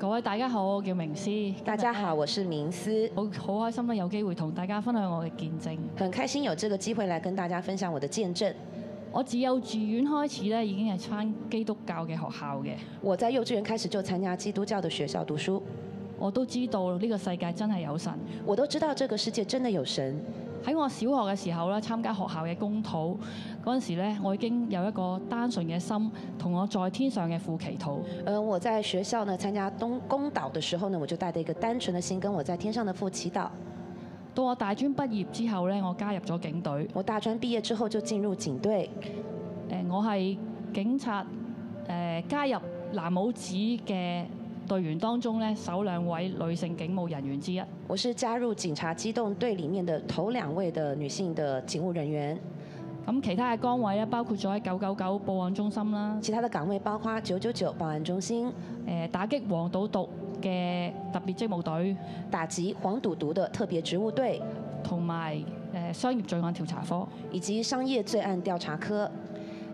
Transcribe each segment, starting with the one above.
各位大家好，我叫明思。大家好，我是明思，好好開心咧，有機會同大家分享我嘅見證。很開心有這個機會來跟大家分享我的見證。我自幼稚園開始咧，已經係翻基督教嘅學校嘅。我在幼稚園開始就參加基督教的學校讀書。我都知道呢個世界真係有神。我都知道這個世界真的有神。喺我小學嘅時候咧，參加學校嘅公禱嗰陣時咧，我已經有一個單純嘅心，同我在天上嘅父祈禱。誒、呃，我在學校呢參加東公公禱嘅時候呢，我就帶着一個單純嘅心，跟我在天上嘅父祈禱。到我大專畢業之後咧，我加入咗警隊。我大專畢業之後就進入警隊。誒、呃，我係警察。誒、呃，加入藍帽子嘅。隊員當中咧，首兩位女性警務人員之一。我是加入警察機動隊裡面的頭兩位的女性的警務人員。咁其他嘅崗位咧，包括咗喺九九九報案中心啦。其他的崗位包括九九九報案中心、誒、打擊黃賭毒嘅特別職務隊、打擊黃賭毒的特別職務隊，同埋誒、商業罪案調查科，以及商業罪案調查科。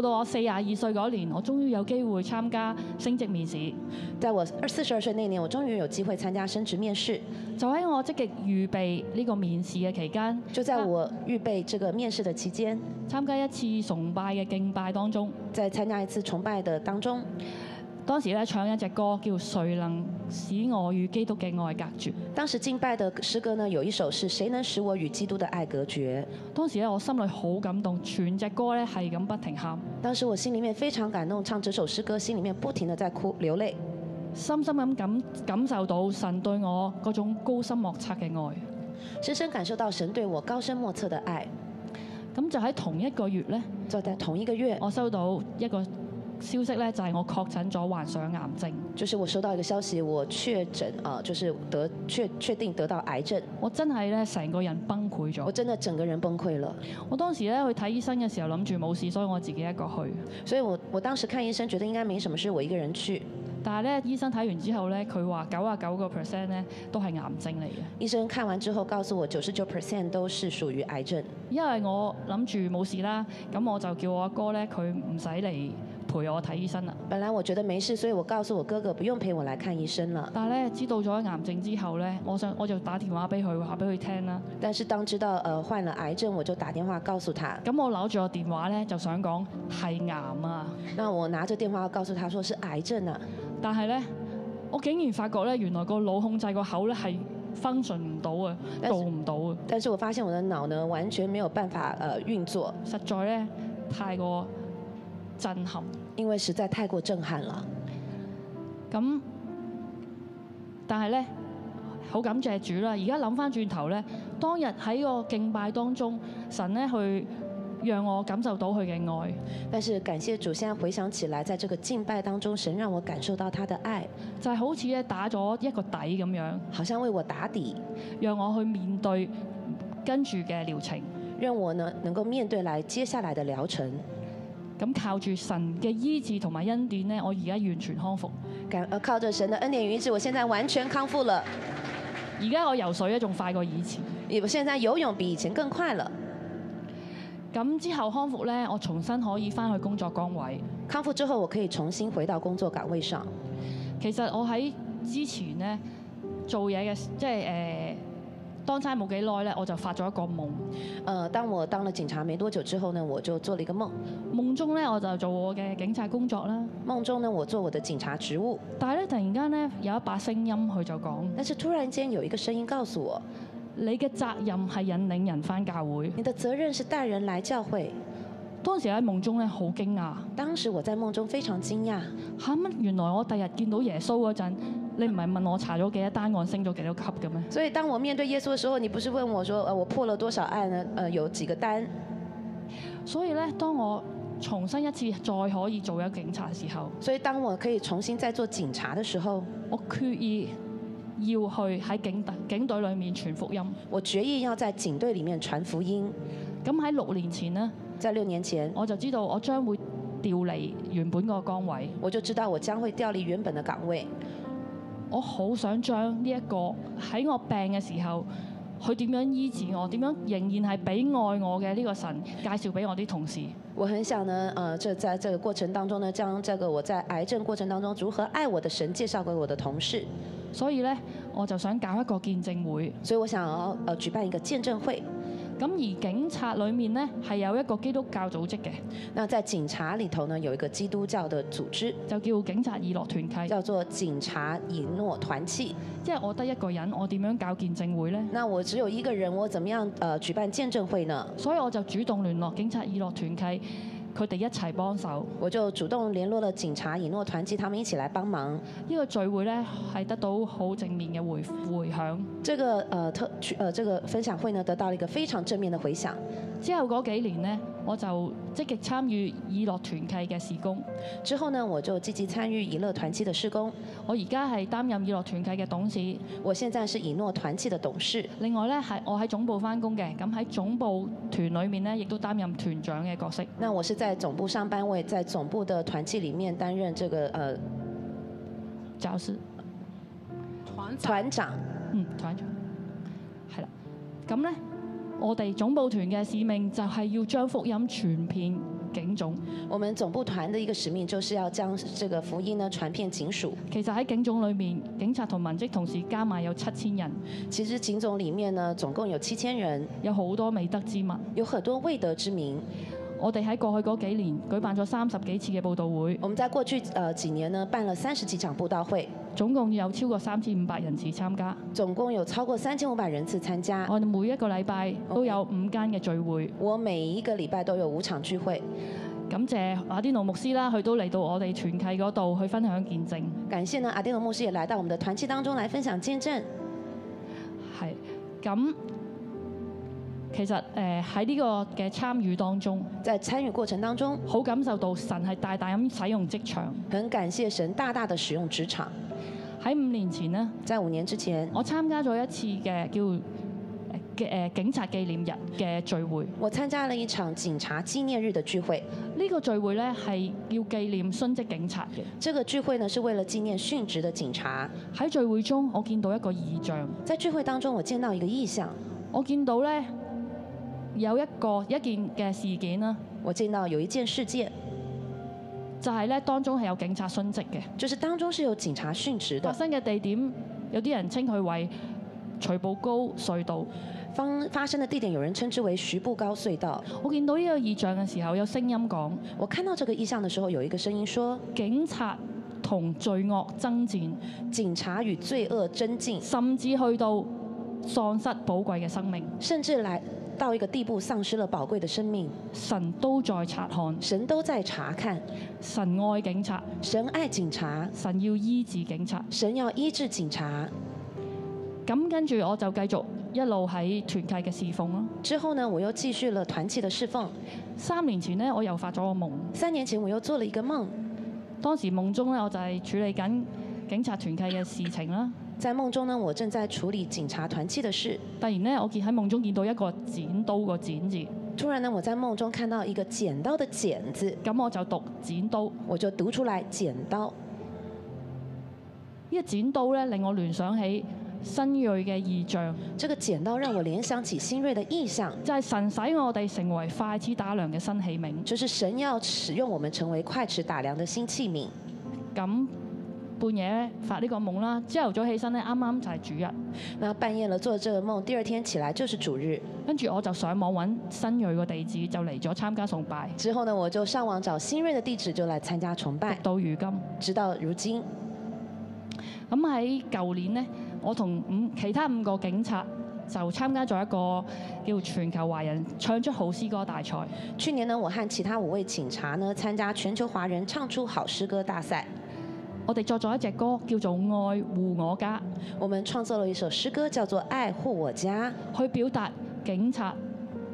到到我四廿二歲嗰年，我終於有機會參加升職面試。在我四十二歲那年，我終於有機會參加升職面試。就喺我積極預備呢個面試嘅期間，就在我預備這個面試嘅期間，啊、參加一次崇拜嘅敬拜當中，在參加一次崇拜的當中。當時咧唱一隻歌，叫誰能使我與基督嘅愛隔絕。當時敬拜的詩歌呢，有一首是誰能使我與基督的愛隔絕。當時咧我心裏好感動，全隻歌咧係咁不停喊。當時我心裡面非常感動，唱這首詩歌心裡面不停的在哭流淚，深深咁感感受到神對我嗰種高深莫測嘅愛，深深感受到神對我高深莫測嘅愛。咁就喺同一個月咧，就喺同一個月，我收到一個。消息咧就係我確診咗患上癌症，就是我收到一個消息，我確診，誒，就是得確確定得到癌症。我真係咧成個人崩潰咗，我真的整個人崩潰了。我，潰了，我當時咧去睇醫生嘅時候，諗住冇事，所以我自己一個去。所以我我當時看醫生，覺得應該沒什麼事，我一個人去。但係咧，醫生睇完之後咧，佢話九啊九個 percent 咧都係癌症嚟嘅。醫生看完之後，之後告訴我九十九 percent 都是屬於癌症。因為我諗住冇事啦，咁我就叫我阿哥咧，佢唔使嚟。陪我睇醫生啊。本來我覺得沒事，所以我告訴我哥哥不用陪我來看醫生了。但係呢，知道咗癌症之後呢，我想我就打電話俾佢話俾佢聽啦。但是當知道患了癌症，我就打電話告訴他。咁我攞住個電話呢，就想講係癌啊。那我拿着電話告訴他，說是癌症啊。但係呢，我竟然發覺呢，原來個腦控制個口呢係 function 唔到啊，做唔到啊。但是我發現我的腦呢，完全沒有辦法誒、呃、運作。實在呢，太過震撼。因為實在太過震撼啦，咁，但係咧，好感謝主啦！而家諗翻轉頭咧，當日喺個敬拜當中，神咧去讓我感受到佢嘅愛。但是感謝主，現在回想起來，在這個敬拜當中，神讓我感受到他的愛，就係好似咧打咗一個底咁樣，好像為我打底，讓我去面對跟住嘅療程，讓我呢能夠面對來接下來嘅療程。咁靠住神嘅醫治同埋恩典咧，我而家完全康復。靠住神嘅恩典與醫治，我現在完全康復了。而家我游水咧，仲快過以前。現在游泳比以前更快了。咁之後康復咧，我重新可以翻去工作崗位。康復之後，我可以重新回到工作崗位上。其實我喺之前咧做嘢嘅，即係誒。呃當差冇幾耐咧，我就發咗一個夢。呃，當我當了警察沒多久之後呢，我就做了一個夢。夢中呢，我就做我嘅警察工作啦。夢中呢，我做我的警察職務。但係咧，突然間呢，有一把聲音佢就講，但是突然間有一個聲音告訴我，你嘅責任係引領人返教會。你的責任是帶人來教會。當時喺夢中咧，好驚訝。當時我在夢中非常驚訝。嚇乜？原來我第日見到耶穌嗰陣。你唔係問我查咗幾多單案，升咗幾多級嘅咩？所以當我面對耶穌嘅時候，你不是問我說，呃，我破了多少案呢？呃，有幾個單？所以呢，當我重新一次再可以做一個警察嘅時候，所以當我可以重新再做警察嘅時候，我決意要去喺警隊、警隊裏面傳福音。我決意要在警隊裏面傳福音。咁喺六年前呢，在六年前我就知道我將會調離原本嗰個崗位。我就知道我將會調離原本嘅崗位。我好想將呢一個喺我病嘅時候，佢點樣醫治我，點樣仍然係俾愛我嘅呢個神介紹俾我啲同事。我很想呢，誒，就在這個過程當中呢，將這個我在癌症過程當中如何愛我的神介紹給我的同事。所以呢，我就想搞一個見證會。所以我想要舉辦一個見證會。咁而警察裏面呢，係有一個基督教組織嘅。那在警察裏頭呢，有一個基督教嘅組織，就叫警察以諾團契。叫做警察以諾團契。即係我得一個人，我點樣搞見證會呢？那我只有一個人，我怎麼樣呃舉辦見證會呢？所以我就主動聯絡警察以諾團契。佢哋一齊幫手，我就主動聯絡了警察、以諾團契，他們一起來幫忙。呢個聚會呢係得到好正面嘅回回響。這個誒特誒這個分享會呢，得到了一個非常正面嘅回響。之後嗰幾年呢，我就積極參與以樂團契嘅事工。之後呢，我就積極參與以樂團契嘅事工。我而家係擔任以樂團契嘅董事。我現在是以諾團契嘅董事。另外呢，係我喺總部返工嘅，咁喺總部團裏面呢，亦都擔任團長嘅角色。那我是。在總部上班，位，在總部的團契裏面擔任這個呃角色。團長，團長，嗯，團長，係啦。咁咧，我哋總部團嘅使命就係要將福音傳遍警總。我們總部團的，的一個使命就是要將這個福音呢傳遍警署。其實喺警總裏面，警察同文職同事加埋有七千人。其實警總裏面呢，總共有七千人，有好多未得之民，有很多未得之民。我哋喺過去嗰幾年舉辦咗三十幾次嘅佈道會。我們在過去呃幾年呢，辦了三十幾場佈道會，總共有超過三千五百人次參加。總共有超過三千五百人次參加。我哋每一個禮拜都有五間嘅聚會。我每一個禮拜都有五場聚會。感謝阿丁奴牧師啦，佢都嚟到我哋團契嗰度去分享見證。感謝呢，阿丁奴牧師也來到我們的團契當中來分享見證。係，咁。其實誒喺呢個嘅參與當中，在參與過程當中，好感受到神係大大咁使用職場。很感謝神大大的使用職場。喺五年前咧，在五年之前，我參加咗一次嘅叫嘅誒警察紀念日嘅聚會。我參加了一場警察紀念日嘅聚會。呢個聚會呢係要紀念殉職警察嘅。這個聚會呢，是為了紀念殉職的警察。喺聚會中，我見到一個異象。在聚會當中，我見到一個異象。我見到呢。有一個一件嘅事件啦，我見到有一件事件就係咧，當中係有警察殉職嘅，就是當中是有警察殉職嘅。職的發生嘅地點有啲人稱佢為徐步高隧道，方發生嘅地點有人稱之為徐步高隧道。我見到呢個異象嘅時候，有聲音講，我看到這個異象嘅時候，有一個聲音說，警察同罪惡爭戰，警察與罪惡爭戰，甚至去到喪失寶貴嘅生命，甚至來到一個地步，喪失了寶貴的生命。神都在察看，神都在查看，神愛警察，神愛警察，神要醫治警察，神要醫治警察。咁跟住我就繼續一路喺團契嘅侍奉咯。之後呢，我又繼續了團契嘅侍奉。三年前呢，我又發咗個夢。三年前我又做了一個夢。當時夢中呢，我就係處理緊警察團契嘅事情啦。在夢中呢，我正在處理警察團契的事。突然呢，我見喺夢中見到一個剪刀個剪字。突然呢，我在夢中看到一個剪刀嘅剪字。咁我就讀剪刀，我就讀出來剪刀。呢個剪刀咧，令我聯想起新銳嘅意象。這個剪刀讓我聯想起新銳嘅意象，就係神使我哋成為快尺打量嘅新器皿。就是神要使用我們成為快尺打量的新器皿。咁。半夜咧發呢個夢啦，朝頭早起身咧，啱啱就係主日。那半夜了做了這個夢，第二天起來就是主日。跟住我就上網揾新銳個地址，就嚟咗參加崇拜。之後呢，我就上網找新銳的地址，就來，就，地址就來參加崇拜。到如今，直到如今。咁喺舊年呢，我同五其他五個警察就參加咗一個叫全球華人唱出好詩歌大賽。去年呢，我和其他五位警察呢參加全球華人唱出好詩歌大賽。我哋作咗一隻歌叫做《愛護我家》，我們創作了一首詩歌叫做《愛護我家》，去表達警察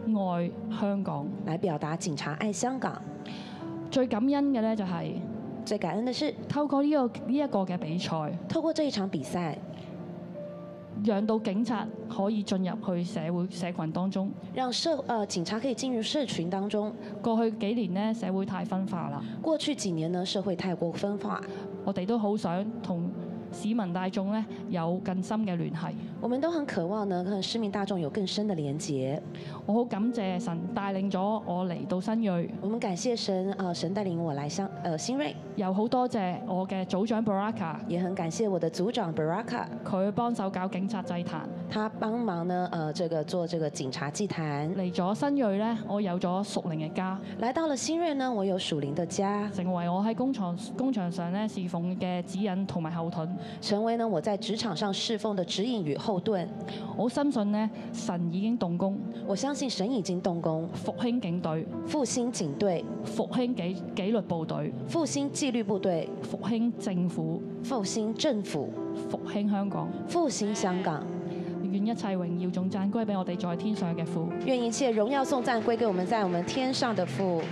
愛香港，嚟表達警察愛香港。最感恩嘅呢就係最感恩的是，透過呢個呢一個嘅比賽，透過這一場比賽，讓到警察可以進入去社會社群當中，讓社呃警察可以進入社群當中。過去幾年呢，社會太分化啦，過去幾年呢，社會太過分化。我哋都好想同。市民大眾咧有更深嘅聯繫，我們都很渴望呢，跟市民大眾有更深的連接。我好感謝神帶領咗我嚟到新銳。我們感謝神，呃，神帶領我來新，呃，新銳。又好多謝我嘅組長 Baraka，也很感謝我的組長 Baraka，佢幫手搞警察祭壇，他幫忙呢，呃，這個做這個警察祭壇。嚟咗新銳咧，我有咗屬靈嘅家。嚟到了新銳呢，我有屬靈嘅家。成為我喺工場工場上咧侍奉嘅指引同埋後盾。成為呢，我在職場上侍奉的指引與後盾。我深信呢，神已經動工。我相信神已經動工，復興警隊，復興警隊，復興紀紀律部隊，復興紀律部隊，復興政府，復興政府，復興香港，復興香港。願一切榮耀總讚歸俾我哋在天上嘅父。願一切榮耀頌讚歸給我們在我們天上的父。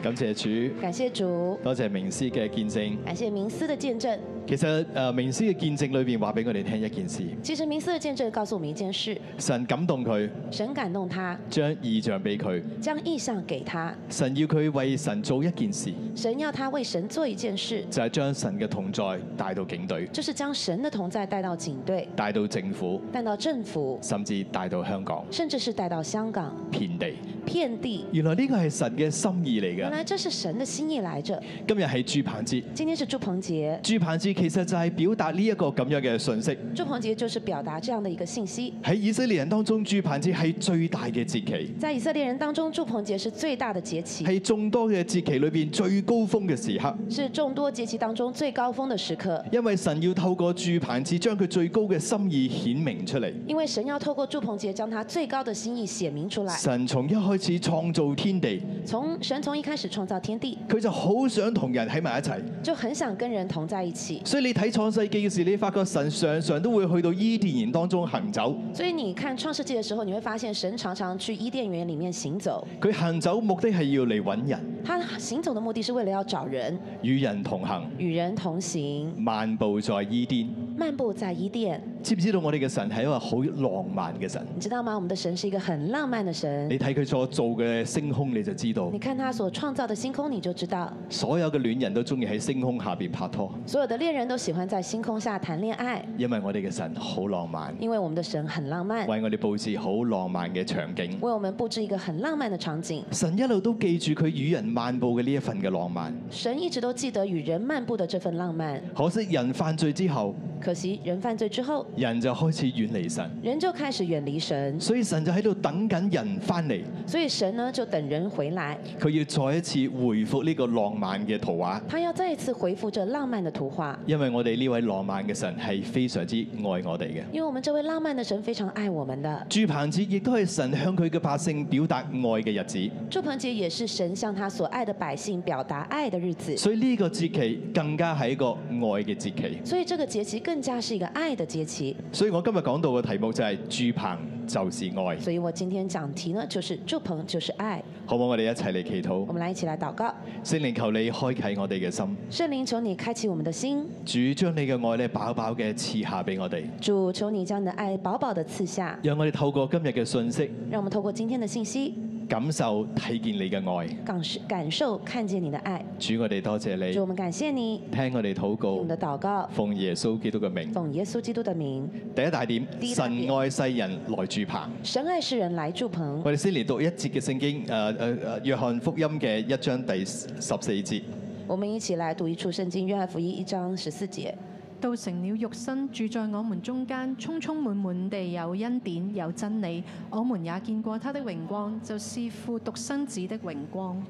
感謝主，感謝主，多謝明思嘅見證，感謝明思的見證。其實誒名師嘅見證裏邊話俾我哋聽一件事。其實名師嘅見證告訴我們一件事。神感動佢。神感動他。將意象俾佢。將意象給他。神要佢為神做一件事。神要他為神做一件事。就係將神嘅同在帶到警隊。就是將神嘅同在帶到警隊。帶到政府。帶到政府。甚至帶到香港。甚至是帶到香港。遍地。遍地。原來呢個係神嘅心意嚟嘅。原來這是神嘅心意嚟。著。今日係住棚節。今天是住棚節。住棚節。其實就係表達呢一個咁樣嘅信息。住棚節就是表達這樣的一個信息。喺以色列人當中，住棚節係最大嘅節期。在以色列人當中，住棚節是最大的節期。係眾多嘅節期裏邊最高峰嘅時刻。是眾多節期當中最高峰嘅時刻。因為神要透過住棚節將佢最高嘅心意顯明出嚟。因為神要透過住棚節將他最高嘅心意寫明出嚟。神從一開始創造天地。從神從一開始創造天地，佢就好想同人喺埋一齊。就很想跟人同在一起。所以你睇創世記嘅時，你發覺神常常都會去到伊甸園當中行走。所以你看創世記嘅時候，你會發現神常常去伊甸園裡面行走。佢行走目的係要嚟搵人。他行走的目的是為了要找人，與人同行。與人同行。漫步在伊甸。漫步在伊甸。知唔知道我哋嘅神係一個好浪漫嘅神？你知道嗎？我們的神是一個很浪漫嘅神。你睇佢所做嘅星空，你就知道。你看他所創造的星空，你就知道。所有嘅戀人都中意喺星空下邊拍拖。所有的戀人都喜歡在星空下談戀愛。因為我哋嘅神好浪漫。因為我們的神很浪漫。為我哋布置好浪漫嘅場景。為我們布置一個很浪漫嘅場景。神一路都記住佢與人漫步嘅呢一份嘅浪漫。神一直都記得與人漫步嘅這份浪漫。可惜人犯罪之後。可惜人犯罪之後。人就開始遠離神，人就開始遠離神，所以神就喺度等緊人翻嚟，所以神呢就等人回來，佢要再一次回復呢個浪漫嘅圖畫，他要再一次回復這浪漫嘅圖畫，因為我哋呢位浪漫嘅神係非常之愛我哋嘅，因為我們這位浪漫嘅神，神非常愛我們的。住棚節亦都係神向佢嘅百姓表達愛嘅日子，住棚節也是神向他所愛的百姓表達愛的日子，所以呢個節期更加係一個愛嘅節期，所以這個節期更加是一個愛的節期。所以我今日講到嘅題目就係住棚就是愛，所以我今天講題呢就是住棚就是愛，好唔好？我哋一齊嚟祈禱。我們來一起來禱告，聖靈求你開啟我哋嘅心，聖靈求你開啟我們的心，的心主將你嘅愛咧，飽飽嘅賜下俾我哋，主求你將你嘅愛飽飽地賜下，讓我哋透過今日嘅信息，讓我們透過今天嘅信息。感受、睇見你嘅愛，感感受、看見你嘅愛，愛。主我哋多謝你，主我們感謝你，聽我哋禱告，我們的禱告，奉耶穌基督嘅名，奉耶穌基督的名。的名第一大點，大點，神愛世人來住棚，神愛世人來住棚。我哋先嚟讀一節嘅聖經，誒誒誒，約翰福音嘅一章第十四節。我們一起來讀一處聖經，約翰福音一章十四節。道成了肉身，住在我們中間，充充滿滿地有恩典有真理。我們也見過他的榮光，就是父獨生子的榮光。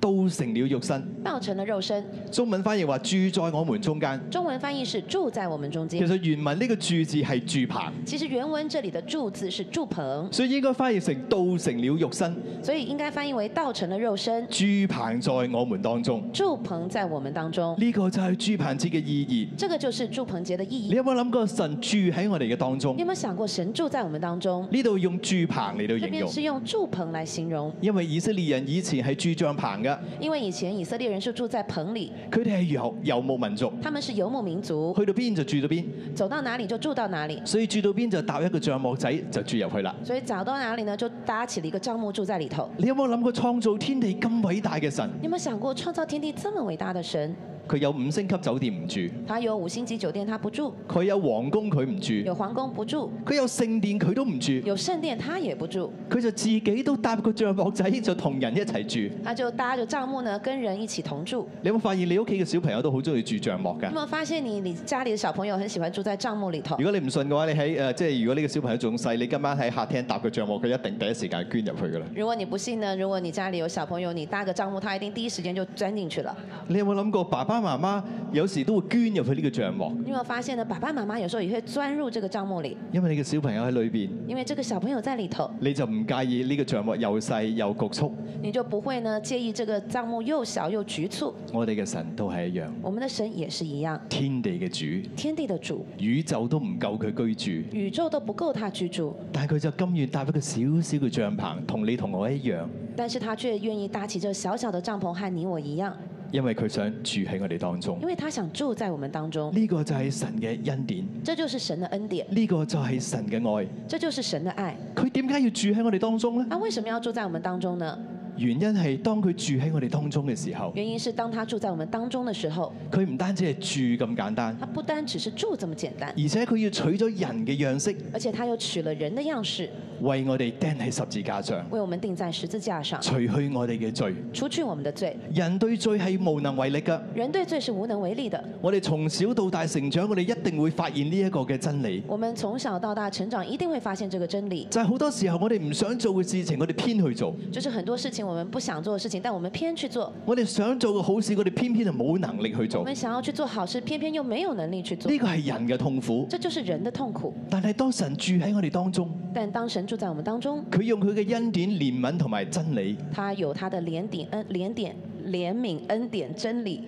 道成了肉身，道成了肉身。中文翻譯話住在我們中間，中文翻譯是住在我們中間。其實原文呢個住字係住棚，其實原文這裏的住字是住棚，所以應該翻譯成道成了肉身，所以應該翻譯為道成了肉身。住棚在我們當中，住棚在我們當中，呢個就係住棚節嘅意義。這個就是住棚節嘅意義。你有冇諗過神住喺我哋嘅當中？你有冇想過神住在我們當中？呢度用住棚嚟到形容，呢邊是用住棚嚟形容，因為以色列人以前係住帳棚。因為以前以色列人是住在棚裏，佢哋係游游牧民族，他們是游牧民族，去到邊就住到邊，走到哪裏就住到哪裏，所以住到邊就搭一個帳幕仔就住入去啦。所以找到哪裏呢，就搭起了一個帳幕住在裏頭。你有冇諗過創造天地咁偉大嘅神？你有冇想過創造天地這麼偉大的神？佢有五星級酒店唔住，他有五星級酒店他不住，佢有皇宮佢唔住，有皇宮不住，佢有聖殿佢都唔住，有聖殿他也不住，佢就自己都搭個帳幕仔就同人一齊住，他就搭著帳幕呢跟人一起同住。你有冇發現你屋企嘅小朋友都好中意住帳幕嘅，有冇發現你你家裏嘅小朋友很喜歡住在帳幕裏頭，如果你唔信嘅話，你喺誒、呃、即係如果呢個小朋友仲細，你今晚喺客廳搭個帳幕，佢一定第一時間捐入去㗎啦。如果你不信呢，如果你家裏有小朋友，你搭個帳幕，他一定第一時間就鑽進去了。你有冇諗過爸爸？爸爸媽媽有時都會捐入去呢個帳篷。你有冇發現呢？爸爸媽媽有時候也會鑽入這個帳篷裏。因為你嘅小朋友喺裏邊。因為這個小朋友在裏頭。你就唔介意呢個帳篷又細又局促。你就不會呢介意這個帳篷又小又局促。我哋嘅神都係一樣。我們嘅神也是一樣。天地嘅主。天地嘅主。宇宙都唔夠佢居住。宇宙都不夠他居住。但係佢就甘願搭一個小小嘅帳篷，同你同我一樣。但是他卻願意搭起這小小的帳篷，和你我一樣。因為佢想住喺我哋當中，因為他想住在我們當中，呢個就係神嘅恩典，這就是神的恩典，呢個就係神嘅愛，這就是神的愛。佢點解要住喺我哋當中呢？啊，為什麼要住在我們當中呢？啊原因係當佢住喺我哋當中嘅時候，原因是當他住在我們當中的時候，佢唔單止係住咁簡單，他不單只是住這麼簡單，而且佢要取咗人嘅樣式，而且他又取了人的樣式，為我哋釘喺十字架上，為我們釘在十字架上，除去我哋嘅罪，除去我們的罪，人對罪係無能為力嘅，人對罪是無能為力的，力的我哋從小到大成長，我哋一定會發現呢一個嘅真理，我們從小到大成長一定會發現這個真理，就係好多時候我哋唔想做嘅事情，我哋偏去做，就是很多事情。我們不想做的事情，但我們偏去做。我哋想做嘅好事，我哋偏偏就冇能力去做。我們想要去做好事，偏偏又沒有能力去做。呢個係人嘅痛苦。這就是人的痛苦。但係當神住喺我哋當中，但當神住在我們當中，佢用佢嘅恩，恩典、憐憫同埋真理。他有他的憐典恩憐典憐憫恩典真理，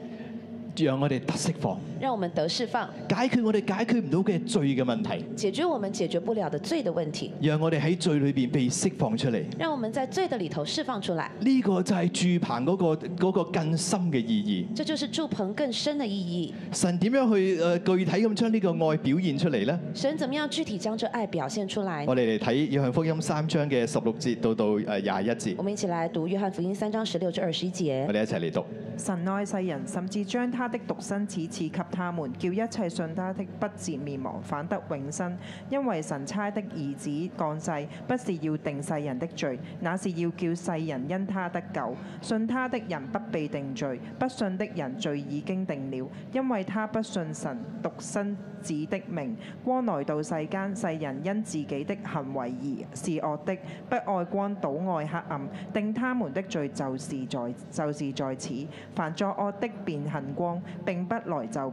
讓我哋得釋放。讓我們得釋放，解決我哋解決唔到嘅罪嘅問題。解決我們解決不了的罪的問題。我的的問題讓我哋喺罪裏邊被釋放出嚟。讓我們在罪的裏頭釋放出來。呢個就係住棚嗰、嗰個、嗰個更深嘅意義。這就是住棚更深嘅意義。神點樣去誒具體咁將呢個愛表現出嚟呢？神怎麼樣具體將這愛表現出嚟？我哋嚟睇約翰福音三章嘅十六節到到誒廿一節。我哋一起嚟讀約翰福音三章十六至二十一節。我哋一齊嚟讀。神愛世人，甚至將他的獨生子他們叫一切信他的不致滅亡，反得永生。因為神差的兒子降世，不是要定世人的罪，那是要叫世人因他得救。信他的人不被定罪，不信的人罪已經定了，因為他不信神獨生子的名。光來到世間，世人因自己的行為而是惡的，不愛光倒愛黑暗。定他們的罪就是在就是在此。凡作惡的便恨光，並不來就。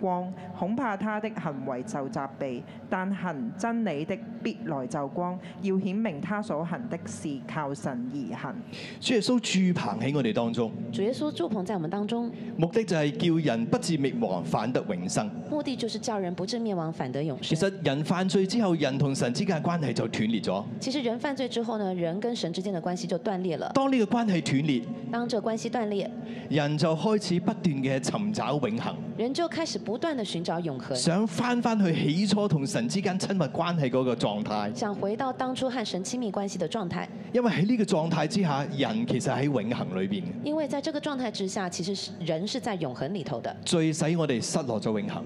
光恐怕他的行為就責備，但行真理的必來就光，要顯明他所行的是靠神而行。主耶穌住棚喺我哋當中。主耶穌住棚在我們當中，當中目的就係叫人不致滅亡，反得永生。目的就是叫人不致滅亡，反得永生。其實人犯罪之後，人同神之間嘅關係就斷裂咗。其實人犯罪之後呢，人跟神之間嘅關係就斷裂了。當呢個關係斷裂，當這關係斷裂，人就開始不斷嘅尋找永恆。人就開始。不斷的尋找永恒，想返返去起初同神之間親密關係嗰個狀態，想回到當初和神親密關係的狀態。因為喺呢個狀態之下，人其實喺永恒裏邊。因為在這個狀態之下，其實人是在永恒裏頭的。罪使我哋失落咗永恒，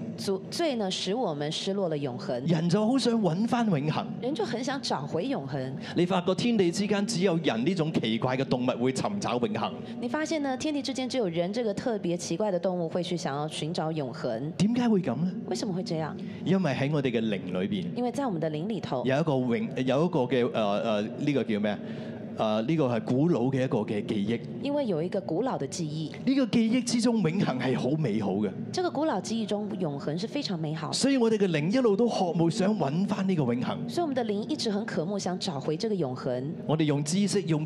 罪呢使我們失落了永恒。人就好想搵返永恒，人就很想找回永恒。人永你發覺天地之間只有人呢種奇怪嘅動物會尋找永恒。你發現呢天地之間只有人這個特別奇怪的動物會去想要尋找永恒。點解會咁咧？為什麼會這樣？因為喺我哋嘅靈裏面，因為在我們的靈裡頭有一個永有一個嘅呢、呃呃這個叫咩啊？誒呢、啊這個係古老嘅一個嘅記憶，因為有一個古老嘅記憶。呢個記憶之中，永恒係好美好嘅。這個古老記憶中，永恒是非常美好。所以我哋嘅靈一路都渴慕想揾翻呢個永恒。所以我們嘅靈一直很渴慕想找回這個永恒。我哋用知識用、用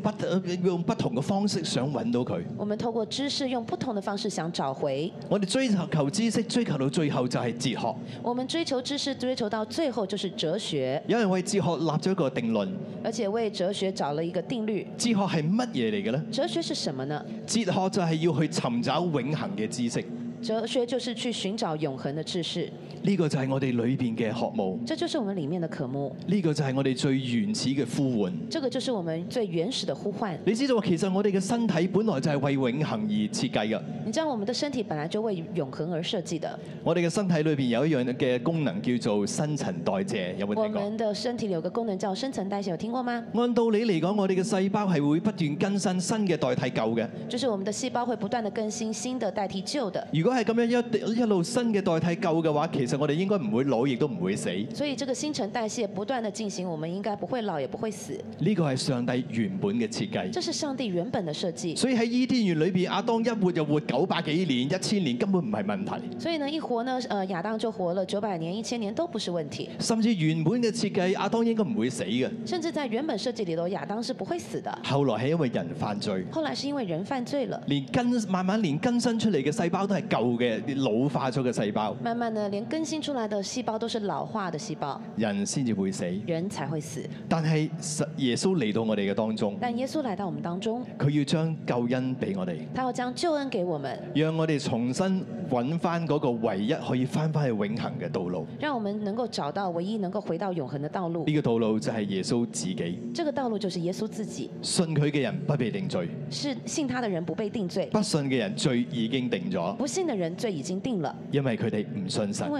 不用不同嘅方式想揾到佢。我們透過知識，用不同的方式想找回。我哋追求求知識，追求到最後就係哲學。我們追求知識，追求到最後就是哲學。哲學有人為哲學立咗一個定論，而且為哲學找了一個定。哲學係乜嘢嚟嘅咧？哲學是什麼呢？哲學就係要去尋找永恒嘅知識。哲學就是去尋找永恒嘅知識。呢個就係我哋裏邊嘅渴慕，這就是我們裏面的渴慕，呢個就係我哋最原始嘅呼喚，這個就是我們最原始的呼喚。呼喚。你知道其實我哋嘅身體本來就係為永恆而設計嘅。你知道我們的身體本來就為永恆而設計的。我哋嘅身體裏邊有一樣嘅功能叫做新陳代謝，有冇聽過？我們嘅身體有個功能叫新陳代謝，有聽過嗎？按道理嚟講，我哋嘅細胞係會不斷更新，新嘅代替舊嘅。就是我們的細胞會不斷的更新，新的代替舊的。如果係咁樣一一路新嘅代替舊嘅話。其實我哋應該唔會老，亦都唔會死。所以這個新陳代謝不斷地進行，我們應該不會老，也不會死。呢個係上帝原本嘅設計。這是上帝原本嘅設計。所以喺伊甸園裏邊，亞當一活就活九百幾年、一千年根本唔係問題。所以呢，一活呢，呃亞當就活了九百年、一千年都不是問題。甚至原本嘅設計，亞當應該唔會死嘅。甚至在原本設計裏頭，亞當是不會死的。後來係因為人犯罪。後來係因為人犯罪了。連根慢慢連更新出嚟嘅細胞都係舊嘅、老化咗嘅細胞。慢慢的連更更新出來的細胞都是老化的細胞，人先至會死，人才會死，會死但係耶穌嚟到我哋嘅當中，但耶穌來到我們當中，佢要將救恩俾我哋，他要將救恩給我們，讓我哋重新揾翻嗰個唯一可以翻翻去永恒嘅道路。讓我們能夠找到唯一能夠回到永恒的道路。呢個道路就係耶穌自己，這個道路就是耶穌自己。信佢嘅人不被定罪，是信他的人不被定罪。不信嘅人罪已經定咗，不信的人罪已經定了，因為佢哋唔信神。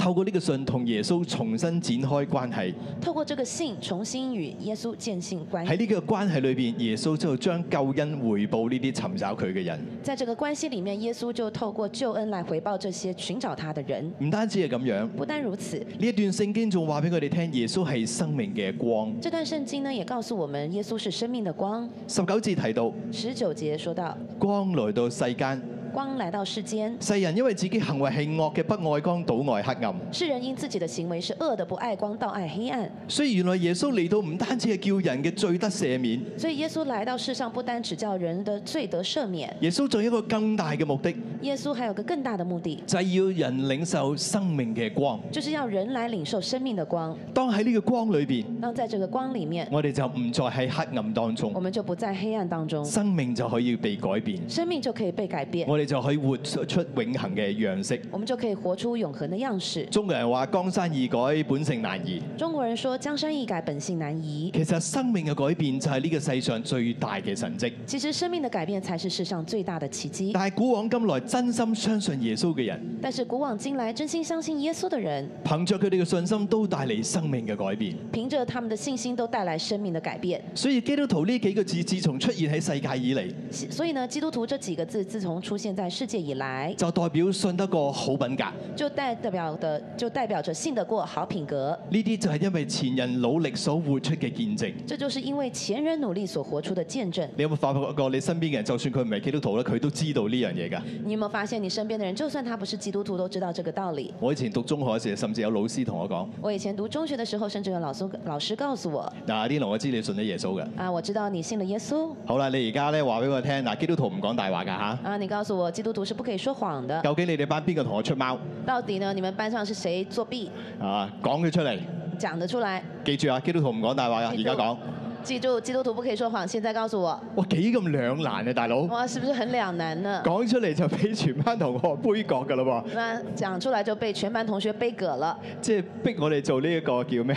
透過呢個信同耶穌重新展開關係。透過這個信重新與耶穌建信關係。喺呢個關係裏邊，耶穌就將救恩回報呢啲尋找佢嘅人。在這個關係裡面，耶穌就透過救恩來回報這些尋找他的人。唔單止係咁樣。不單如此。呢一段聖經仲話俾佢哋聽，耶穌係生命嘅光。這段聖經呢，也告訴我們耶穌是生命的光。十九節提到。十九節說到。光來到世間。光來到世間，世人因為自己行為係惡嘅，不愛光倒愛黑暗。世人因自己的行為是惡的，不愛光倒愛黑暗。所以原來耶穌嚟到唔單止係叫人嘅罪得赦免。所以耶穌來到世上不單只叫人的罪得赦免。耶穌仲有一個更大嘅目的。耶穌還有個更大嘅目的，就係要人領受生命嘅光。就是要人來領受生命的光。當喺呢個光裏邊，當在這個光裏面，我哋就唔再喺黑暗當中。我們就不在黑暗當中，當中生命就可以被改變。生命就可以被改變。我就可以活出永恆嘅樣式。我們就可以活出永恆的樣式。中國人話江山易改，本性難移。中國人說江山易改，本性難移。難移，其實生命嘅改變就係呢個世上最大嘅神蹟，其實生命的改變才是世上最大的奇蹟。但係古往今來真心相信耶穌嘅人。但是古往今來真心相信耶穌的人。憑着佢哋嘅信心都帶嚟生命嘅改變，憑着他們的信心都帶來生命的改變。改變，所以基督徒呢幾個字自從出現喺世界以嚟。所以呢基督徒這幾個字自從出現。現在世界以來，就代表信得過好品格，就代代表的就代表着信得過好品格。呢啲就係因為前人努力所活出嘅見證。這就是因為前人努力所活出嘅見證。你有冇發覺過你身邊嘅人，就算佢唔係基督徒咧，佢都知道呢樣嘢㗎？你有冇發現你身邊嘅人，就算他不是基督徒，都知道這個道理？我以前讀中學嘅時候，甚至有老師同我講。我以前讀中學嘅時候，甚至有老師老師告訴我。嗱、啊，呢個我知你信咗耶穌㗎。啊，我知道你信了耶穌。好啦，你而家咧話俾我聽，嗱，基督徒唔講大話㗎嚇。啊，你告訴我我基督徒是不可以說謊的。究竟你哋班邊個同學出貓？到底呢？你們班上是誰作弊？啊，講佢出嚟。講得出嚟。記住啊，基督徒唔講大話啊。而家講。講記住，基督徒不可以說謊。現在告訴我。哇，幾咁兩難啊，大佬。哇，是不是很兩難呢？講出嚟就俾全班同學杯葛噶啦噃。啊，講出嚟就被全班同學杯葛了， 了。即係逼我哋做呢一個叫咩？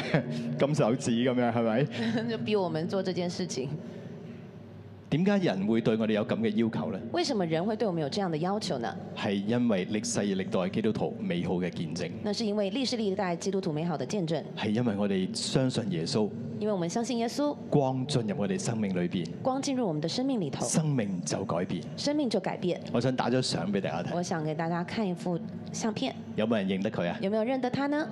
金手指咁樣係咪？ 就逼我們做這件事情。點解人會對我哋有咁嘅要求呢？為什麼人會對我們有這樣的要求呢？係因為歷世歷代基督徒美好嘅見證。那係因為歷世歷代基督徒美好的見證。係因為我哋相信耶穌。因為我們相信耶穌。耶穌光進入我哋生命裏邊。光進入我們的生命裡頭。生命就改變。生命就改變。我想打咗相俾大家睇。我想給大家看一幅相片。有冇人認得佢啊？有沒有認得他呢？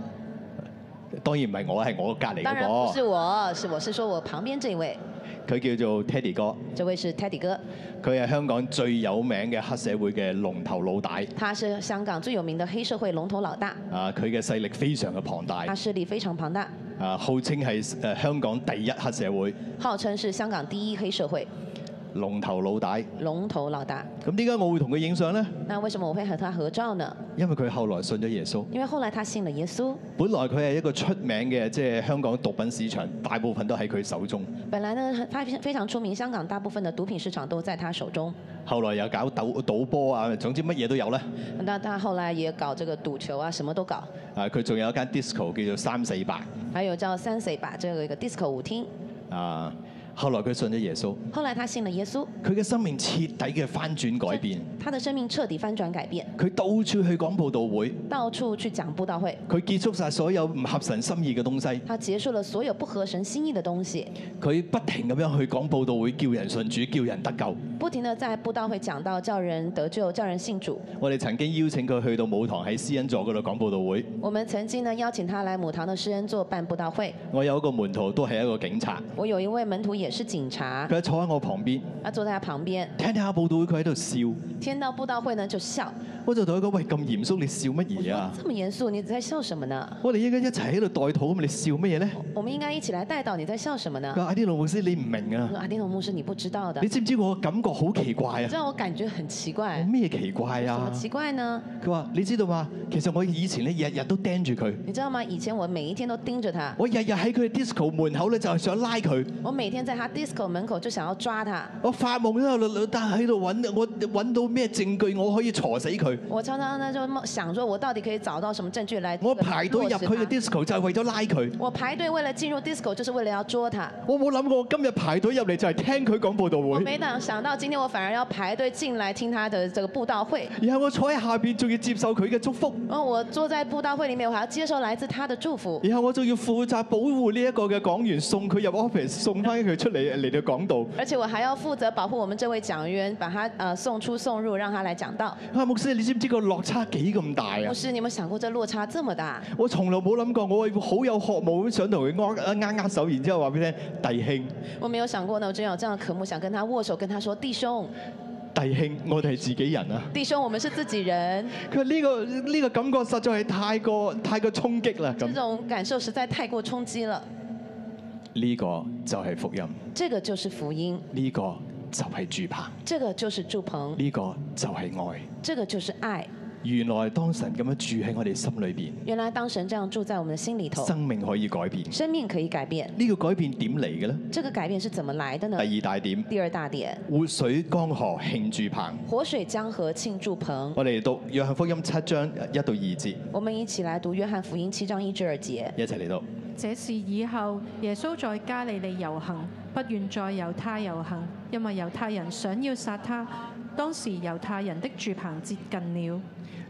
當然唔係我，係我隔離。當然不是我，是我的是說我，我旁邊這位。 佢叫做 Teddy 哥，這位是 Teddy 哥，佢係香港最有名嘅黑社會嘅龍頭老大。他是香港最有名的黑社會龍頭老大。啊，佢嘅勢力非常嘅龐大。他勢力非常龐大。啊，號稱係誒香港第一黑社會，號稱是香港第一黑社會。龍頭老大，龍頭老大。咁點解我會同佢影相呢？那為什麼我會和他合照呢？因為佢後來信咗耶穌。因為後來他信了耶穌。本來佢係一個出名嘅，即係香港毒品市場，大部分都喺佢手中。本來呢，他非常出名，香港大部分嘅毒品市場都在他手中。後來有搞賭賭波啊，總之乜嘢都有咧。但他後來也搞這個賭球啊，什麼都搞。啊，佢仲有一間 disco 叫做三四百。還有叫三四百，這個一個 disco 舞廳。啊。後來佢信咗耶穌。後來他信了耶穌。佢嘅生命徹底嘅翻轉改變。他的生命徹底翻轉改變。佢到處去講布道會。到處去講布道會。佢結束晒所有唔合神心意嘅東西。他結束了所有不合神心意的東西。佢不，不停咁樣去講布道會，叫人信主，叫人得救。不停的在布道會講到叫人得救，叫人信主。我哋曾經邀請佢去到母堂喺施恩座嗰度講布道會。我們曾經呢邀請他來母堂的施恩座辦布道會。我有一個門徒都係一個警察。我有一位門徒也。是警察，佢坐喺我旁邊，啊坐喺旁邊，聽聽下布道會，佢喺度笑，聽到布道會呢就笑。我就同佢講：喂，咁嚴肅，你笑乜嘢啊？咁麼嚴肅？你在笑什麼呢？我哋應該一齊喺度代禱啊！你笑乜嘢咧？我們應該一起來代禱，你在笑什麼呢？Adino 牧師，你唔明啊？Adino 牧師，你不知道的。你知唔知道我感覺好奇怪啊？你知道我感覺很奇怪。咩奇怪啊？奇怪呢？佢話：你知道嗎？其實我以前咧日日都盯住佢。你知道嗎？以前我每一天都盯住佢。」我日日喺佢 disco 門口咧，就係想拉佢。我每天在他 disco 門，門口就想要抓他。我發夢啦，我在找我，但係喺度我揾到咩證據我可以挫死佢？我常常呢，就想著，我到底可以找到什麼證據來？我排隊入去嘅 disco 就係為咗拉佢。我排隊為了進入 disco，就是為了要捉他。我冇諗過，今日排隊入嚟就係聽佢講布道會。我沒諗想到，今天我反而要排隊進來聽他的這個布道會。然後我坐喺下邊，仲要接受佢嘅祝福。然後我坐在布道會裡面，我還要接受來自他的祝福。然後我就要負責保護呢一個嘅講員，送佢入 office，送翻佢出嚟嚟到講道。而且我還要負責保護我們這位講員，把他呃送出送入，讓他來講道。你知唔知個落差幾咁大啊？牧師，你有冇想過這落差這麼大？我從來冇諗過，我好有渴慕想同佢握、握握手，然之後話俾你聽，弟兄。我沒有想過，我真有這樣嘅渴慕，想跟他握手，跟他說弟兄。弟兄，弟兄我哋係自己人啊！弟兄，我們是自己人。佢呢、 這個呢、這個感覺實在係太過太過衝擊啦！呢種感受實在太過衝擊了。呢個就係福音。這個就是福音。呢個。這個就係住棚，呢個就是住棚，呢個就係愛，這個就是愛。原來當神咁樣住喺我哋心裏邊，原來當神這樣住在我哋的心裏頭，生命可以改變，生命可以改變。呢個改變點嚟嘅呢？呢個改變係怎麼嚟嘅呢？第二大點，第二大點，活水江河慶住棚，活水江河慶住棚。我哋讀約翰福音七章一到二節，我哋一齊嚟讀約翰福音七章一至二節，一齊嚟讀。這是以後耶穌在加利利遊行。不願再猶太遊行，因為猶太人想要殺他。當時猶太人的住棚接近了。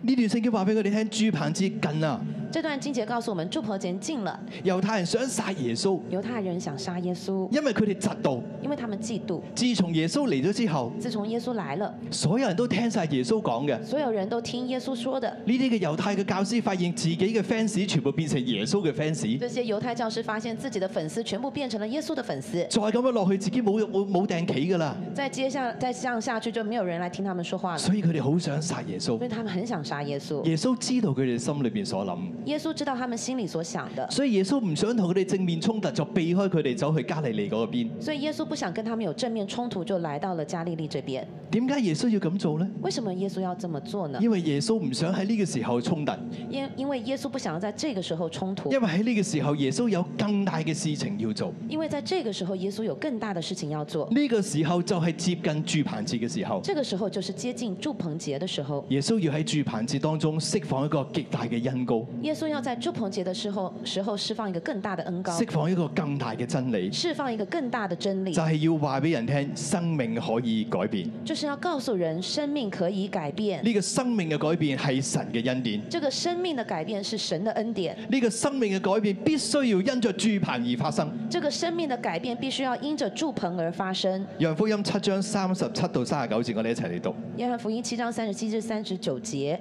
呢段聖經話俾佢哋聽，住棚節近啊。這段經節告訴我們，住棚節近了。猶太人想殺耶穌，猶太人想殺耶穌，因為佢哋嫉妒，因為他們嫉妒。自從耶穌嚟咗之後，自從耶穌來了，所有人都聽晒耶穌講嘅，所有人都聽耶穌說的。呢啲嘅猶太嘅教師發現自己嘅 fans 全部變成耶穌嘅 fans。這些猶太教師發現自己的粉絲全部變成了耶穌嘅粉絲，再咁樣落去，自己冇冇冇地企㗎啦。的再接下再向下去，就冇有人來聽他們說話，所以佢哋好想殺耶穌，因為他們很想殺。耶穌知道佢哋心裏邊所諗，耶穌知道他們心裏所想的，所以耶穌唔想同佢哋正面衝突，就避開佢哋走去加利利嗰邊。所以耶穌不想跟他們有正面衝突，就來到了加利利這邊。點解耶穌要咁做咧？為什麼耶穌要這麼做呢？因為耶穌唔想喺呢個時候衝突，因因為耶穌不想要在這個時候衝突，因為喺呢個時候耶穌有更大嘅事情要做。因為在這個時候耶穌有更大的事情要做。呢個時候就係接近住棚節嘅時候，這個時候就是接近住棚節的時候，耶穌要喺住棚。文字當中釋放一個極大嘅恩膏。耶穌要在住棚節的時候時候釋放一個更大的恩膏。釋放一個更大嘅真理。釋放一個更大的真理。就係要話俾人聽生命可以改變。就是要告訴人生命可以改變。呢個生命嘅改變係神嘅恩典。這個生命的改變是神嘅恩典。呢個生命嘅改變必須要因着住棚而發生。這個生命的改變必須要因着住棚而發生。約翰福音七章三十七到三十九節，我哋一齊嚟讀。約翰福音七章三十七至三十九節。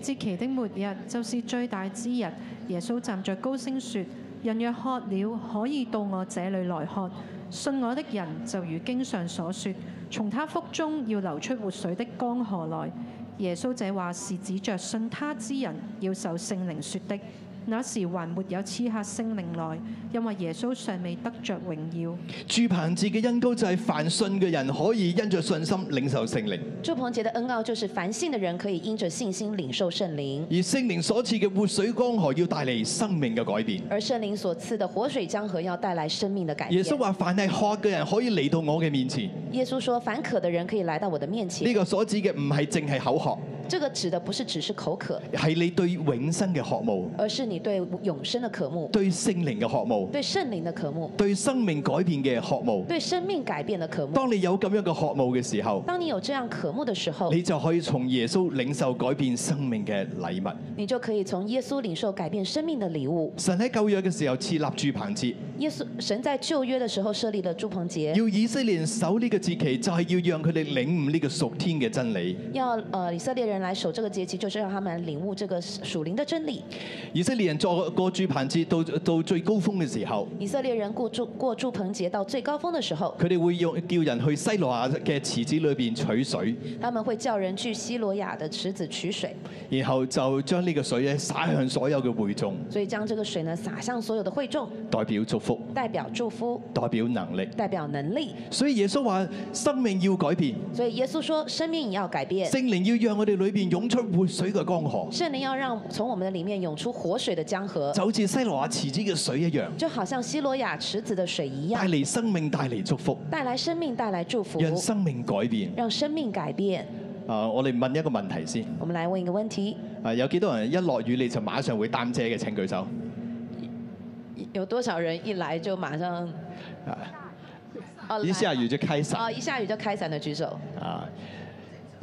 節期的末日就是最大之日。耶穌站著高聲說：人若渴了，可以到我這裏來喝。信我的人就如經上所說，從他腹中要流出活水的江河來。耶穌這話是指着信他之人要受聖靈說的。那時還沒有賜下聖靈來，因為耶穌尚未得着榮耀。住棚節嘅恩膏就係凡信嘅人可以因着信心領受聖靈。住棚節嘅恩膏就是凡信嘅人可以因着信心領受聖靈。而聖靈所賜嘅活水江河要帶嚟生命嘅改變。而聖靈所賜嘅活水江河要帶來生命嘅改變。耶穌話：凡係渴嘅人可以嚟到我嘅面前。耶穌說：凡渴的人可以來到我的面前。呢個所指嘅唔係淨係口渴。這個指嘅，不是只是口渴，係你對永生嘅渴慕。而是你。對永生的渴慕，對聖靈嘅渴慕，對聖靈的渴慕，對生命改變嘅渴慕，對生命改變的渴慕。當你有咁樣嘅渴慕嘅時候，當你有這樣渴慕的時候，你就可以從耶穌領受改變生命嘅禮物。你就可以從耶穌領受改變生命的禮物。禮物神喺舊約嘅時候設立住棚節，耶穌神在舊約嘅時候設立了住棚節，要以色列守呢個節期，就係、是、要讓佢哋領悟呢個屬天嘅真理。要誒以色列人來守這個節期，就是讓他們領悟這個屬靈的真理。以色列。人過過住棚節到到最高峰嘅時候，以色列人過住過住棚節到最高峰嘅時候，佢哋會用叫人去西羅亞嘅池子裏邊取水，他們會叫人去西羅亞嘅池子取水，取水然後就將呢個水咧灑向所有嘅會眾，所以將這個水呢灑向所有的會眾，代表祝福，代表祝福，代表能力，代表能力，所以耶穌話生命要改變，所以耶穌說生命要改變，改變聖靈要讓我哋裏邊湧出活水嘅江河，聖靈要讓從我們的裏面湧出活水。就好似西羅亞池子嘅水一樣，就好像西羅亞池子的水一樣，帶嚟生命，帶嚟祝福，帶來生命，帶來祝福，讓生命改變，讓生命改變。啊，uh, 我哋問一個問題先，我們來問一個問題。啊，有幾多人一落雨你就馬上會擔遮嘅？請舉手。有多少人一來就馬上啊？一、uh, 下雨就開傘啊？一、uh, 下雨就開傘的舉手啊！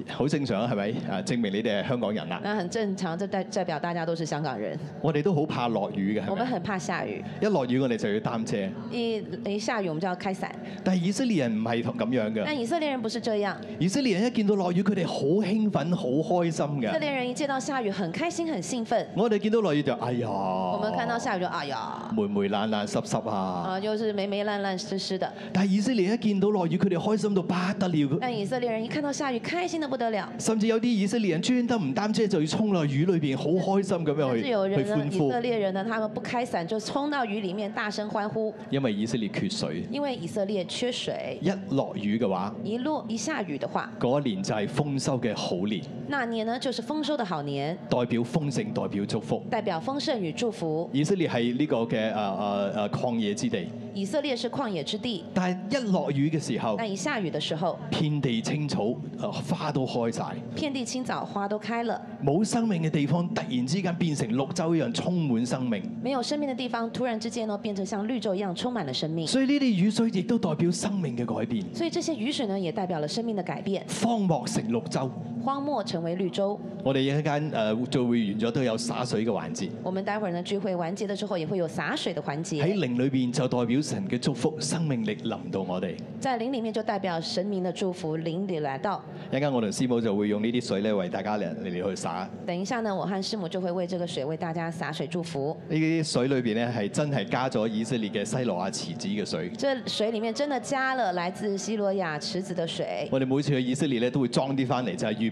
好正常係咪？啊，證明你哋係香港人啦。那很正常，就代代表大家都是香港人。我哋都好怕落雨嘅。我們很怕下雨。一落雨我哋就要擔遮。一一下雨我們就要，們就要開傘。但係以色列人唔係咁樣嘅。但以色列人不是這樣。以色列人一見到落雨佢哋好興奮，好開心嘅。以色列人一見到下雨，很，很，見到下雨很開心，很興奮。我哋見到落雨就哎呀。我們看到下雨就哎呀。霉霉爛爛濕濕啊。又、就是霉霉爛爛濕濕的。但係以色列人一見到落雨佢哋開心到不得了。但以色列人一看到下雨開心得得。不得了，甚至有啲以色列人專登唔擔遮就要衝落雨裏邊，好開心咁樣去去歡呼。有人呢？以色列人呢？他們不開傘就衝到雨裏面，大聲歡呼。因為以色列缺水。因為以色列缺水。一落雨嘅話。一落一下雨嘅話。嗰年就係豐收嘅好年。那年呢，就是豐收嘅好年。代表豐盛，代表祝福。代表豐盛與祝福。以色列係呢個嘅誒誒誒曠野之地。以色列是曠野之地，但一落雨嘅時候，但一下雨嘅時候，遍地青草，花都開晒，遍地青草花都開了，冇生命嘅地方突然之間變成綠洲一樣充滿生命，沒有生命嘅地方突然之間呢變成像綠洲一樣充滿了生命，所以呢啲雨水亦都代表生命嘅改變，所以這些雨水呢也代表了生命的改變，荒漠成綠洲。荒漠成為綠洲。我哋一陣誒聚會完咗都有灑水嘅環節。我們待會呢聚會完結咗之後，也會有灑水嘅環節。喺靈裏邊就代表神嘅祝福，生命力臨到我哋。在靈裏面就代表神明的祝福，靈力來到。一陣我同師母就會用這些呢啲水咧，為大家嚟嚟去灑。等一下呢，我和師母就會為這個水為大家灑水祝福。呢啲水裏邊呢，係真係加咗以色列嘅西羅亞池子嘅水。即這水裡面真的加了來自西羅亞池子嘅水。我哋每次去以色列咧都會裝啲翻嚟，就係預。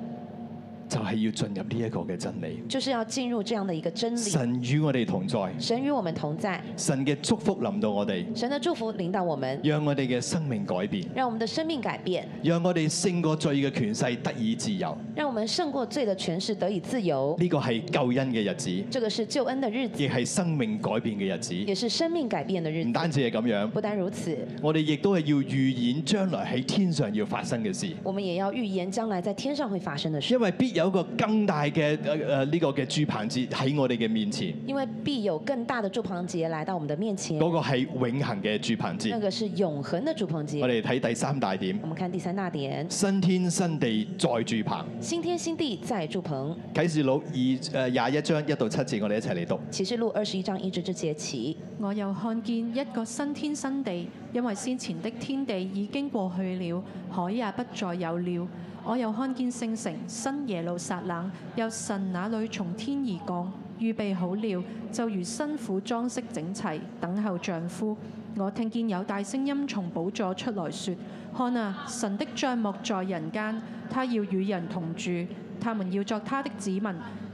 就係要進入呢一個嘅真理，就是要進入這樣的一個真理。神與我哋同在，神與我們同在。神嘅祝福臨到我哋，神的祝福臨到我們，讓我哋嘅生命改變，讓我們的生命改變，讓我哋勝過罪嘅權勢得以自由，讓我們勝過罪的權勢得以自由。呢個係救恩嘅日子，這個是救恩的日子，亦係生命改變嘅日子，也是生命改變的日子。唔單止係咁樣，不單如此，我哋亦都係要預言將來喺天上要發生嘅事，我們也要預言將來在天上會發生的事，因為必有有個更大嘅誒誒呢個嘅住棚節喺我哋嘅面前，因為必有更大嘅住棚節嚟到我哋嘅面前。嗰個係永恆嘅住棚節，那個是永恆嘅住棚節。我哋睇第三大點，我哋睇第三大點，新天新地再住棚，新天新地再住棚。啟示錄二誒廿一章一到七節，我哋一齊嚟讀。啟示錄二十一章一到七節，我又看見一個新天新地，因為先前的天地已經過去了，海也不再有了。我又看見聖城新耶路撒冷，由神那裏從天而降，預備好了，就如新婦裝飾整齊，等候丈夫。我聽見有大聲音從寶座出來說：看啊，神的帳幕在人間，他要與人同住，他們要作他的子民，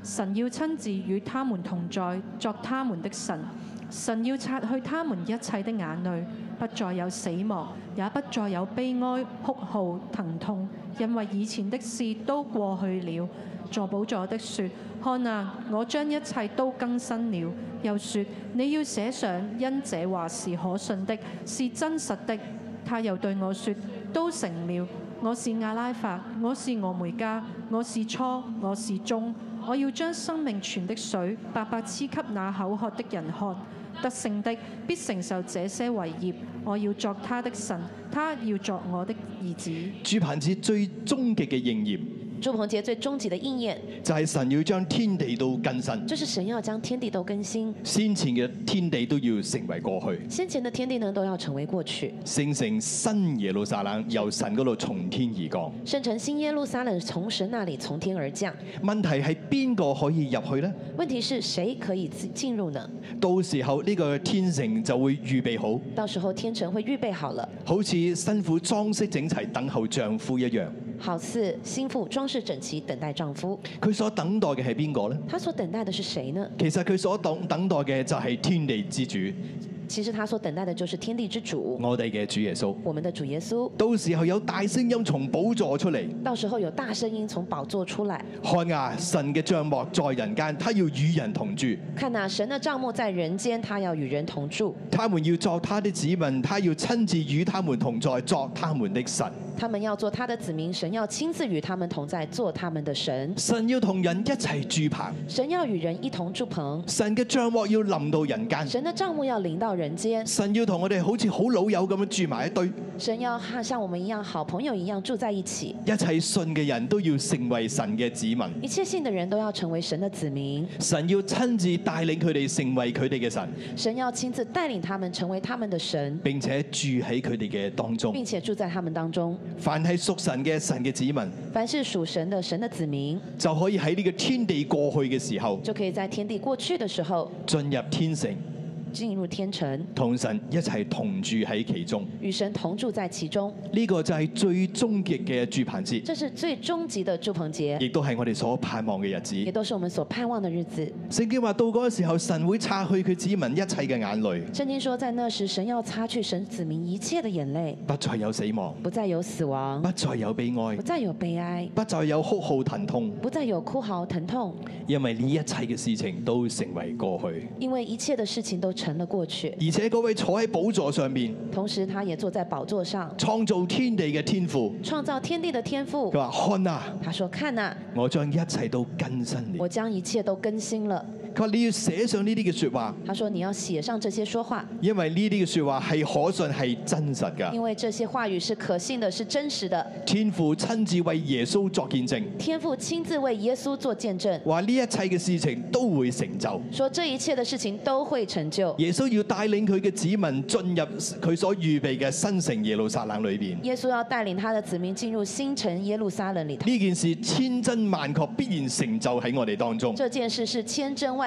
神要親自與他們同在，作他們的神。神要擦去他們一切的眼淚。不再有死亡，也不再有悲哀、哭號、疼痛，因為以前的事都過去了。坐寶座的説：看啊，我將一切都更新了。又說你要寫上，因這話是可信的，是真實的。他又對我說都成了。我是阿拉法，我是俄梅加，我是初，我是終。我要將生命泉的水白白賜給那口渴的人喝。得勝的必承受這些為業，我要作他的神，他要作我的兒子。主磐石最終極嘅應驗。朱彭杰最終極的應驗就係神要將天地都更新，就是神要將天地都更新。先前嘅天地都要成為過去，先前嘅天地呢都要成為過去。聖城新耶路撒冷由神嗰度從天而降，聖城新耶路撒冷從神那裏從天而降。問題係邊個可以入去呢？問題是誰可以進入呢？到時候呢個天城就會預備好，到時候天城會預備好了，好似新婦裝飾整齊等候丈夫一樣。好似新婦，裝飾整齊，等待丈夫。佢所等待嘅係邊個呢？他所等待的是誰呢？其實佢所等待嘅就係天地之主。其實他所等待的就是天地之主。的之主，我哋嘅主耶穌。我們的主耶穌。到時候有大聲音從寶座出嚟。到時候有大聲音從寶座出來。出來，看啊，神嘅帳幕在人間，他要與人同住。看啊，神嘅帳幕在人間，他要與人同住。他們要作他的子民，他要親自與他們同在，作他們的神。他們要做他的子民，神要親自與他們同在，做他們的神。神要同人一齊住棚。神要與人一同住棚。神嘅帳幕要臨到人間。神的帳幕要臨到人間。神要同我哋好似好老友咁樣住埋一堆。神要像我們一樣好朋友一樣住在一起。一切信嘅人都要成為神嘅子民。一切信嘅人都要成為神嘅子民。神要親自帶領佢哋成為佢哋嘅神。神要親自帶領他們成為他們的神，神的神並且住喺佢哋嘅當中，並且住在他們當中。凡係屬神嘅神嘅子民，凡是屬神的神的子民，就可以喺呢個天地過去嘅時候，就可以在天地過去的時候進入天城，進入天城，同神一齊同住喺其中，與神同住在其中。呢個就係最終極嘅住棚節，這是最終極嘅住棚節，亦都係我哋所盼望嘅日子，亦都是我們所盼望嘅日子。聖經話到嗰個時候，神會擦去佢子民一切嘅眼淚。聖經說在那時，神要擦去神子民一切嘅眼淚，不再有死亡，不再有死亡，不再有悲哀，不再有悲哀，不再有哭號疼痛，不再有哭號疼痛。因為呢一切嘅事情都成為過去，因為一切嘅事情都。沉了過去，而且嗰位坐喺寶座上面，同時他也坐在寶座上，創造天地嘅天父，創造天地嘅天父。佢話看啊，他說看啊，我將一切都更新了，我將一切都更新了。你要寫上呢啲嘅説話。他說你要寫上這些説話，說說話，因為呢啲嘅説話係可信係真實㗎。因為這些話語是可信的，是真實的。天父親自為耶穌作見證。天父親自為耶穌作見證。話呢一切嘅事情都會成就。說這一切嘅事情都會成就。耶穌要帶領佢嘅子民進入佢所預備嘅新城耶路撒冷裏邊。耶穌要帶領他的子民進入新城耶路撒冷裏頭。呢件事千真萬確，必然成就喺我哋當中。這件事是千真萬。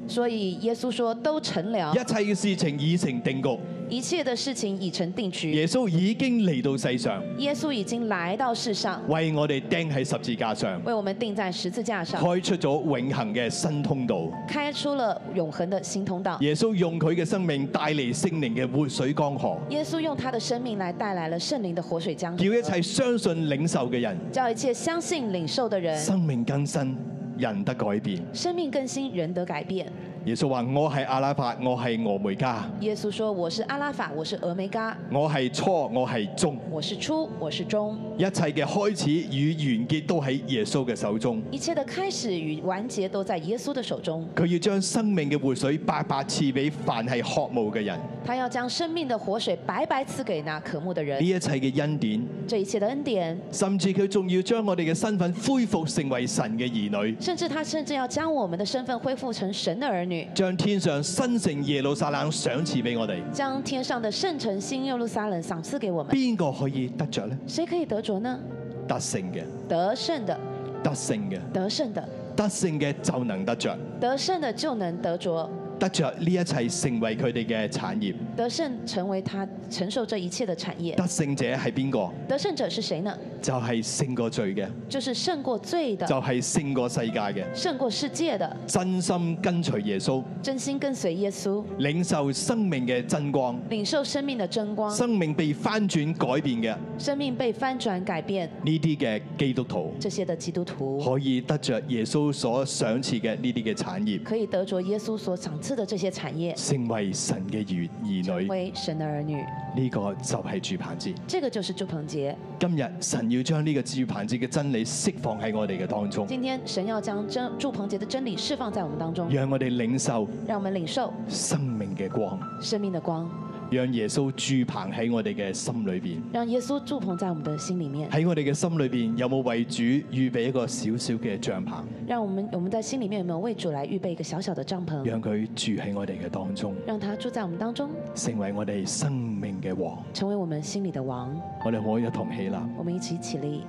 所以耶穌說都成了，一切嘅事情已成定局，一切的事情已成定局。耶穌已經嚟到世上，耶穌已經來到世上，為我哋釘喺十字架上，為我們釘在十字架上，開出咗永恒嘅新通道，開出了永恒的新通道。耶穌用佢嘅生命帶嚟聖靈嘅活水江河，耶穌用他的生命來帶來了聖靈的活水江，叫一切相信領受嘅人，叫一切相信領受的人，生命更新。人的改變，生命更新，人的改變。耶穌話：我係阿拉法，我係俄梅加。耶穌說：我是阿拉法，我是俄梅加。我係初，我係終。我是,我是初，我是終。我是中。一切嘅開始與完結都喺耶穌嘅手中。一切嘅開始與完結都在耶穌嘅手中。佢要將生命嘅活水白白賜俾凡係渴慕嘅人。他要將生命嘅活水白白賜給那渴慕嘅人。呢一切嘅恩典，這一切嘅恩典，甚至佢仲要將我哋嘅身份恢復成為神嘅兒女。甚至他甚至要將我們的身份恢復成神嘅兒女。將天上新城耶路撒冷賞賜俾我哋，將天上的聖城新耶路撒冷賞賜給我們。邊個可以得着呢？誰可以得着呢？得勝嘅，得勝的，得勝嘅，得勝的，得勝嘅就能得着，得勝的就能得着。得着呢一切成為佢哋嘅產業，得勝成為他承受這一切的產業，得勝者係邊個？得勝者係誰呢？就係勝過罪嘅。就是勝過罪的。就係勝過世界嘅。勝過世界的。界的真心跟隨耶穌，真心跟隨耶穌，領受生命嘅真光。領受生命的真光。生命，真光，生命被翻轉改變嘅。生命被翻轉改變，呢啲嘅基督徒。這些的基督徒，基督徒可以得着耶穌所賞賜嘅呢啲嘅產業，可以得着耶穌所賞賜。這些產業成為神嘅兒女，成為神的兒女，呢個就係住棚節，這個就是住棚節。今日神要將呢個住棚節嘅真理釋放喺我哋嘅當中。今天神要將真住棚節的真理釋放，放在我們當中，讓我哋領受，讓我們領受生命的光，生命的光。讓耶穌住棚喺我哋嘅心裏邊。讓耶穌住棚喺我哋嘅心裏面。喺我哋嘅心裏邊，有冇為主預備一個小小嘅帳篷？讓我們我們在心裏面，有冇為主來預備一個小小的帳篷？讓佢住喺我哋嘅當中。讓他住在我們當中。成為我哋生命嘅王。成為我們心裏的王。我哋可以一同起立。我們一起一起立。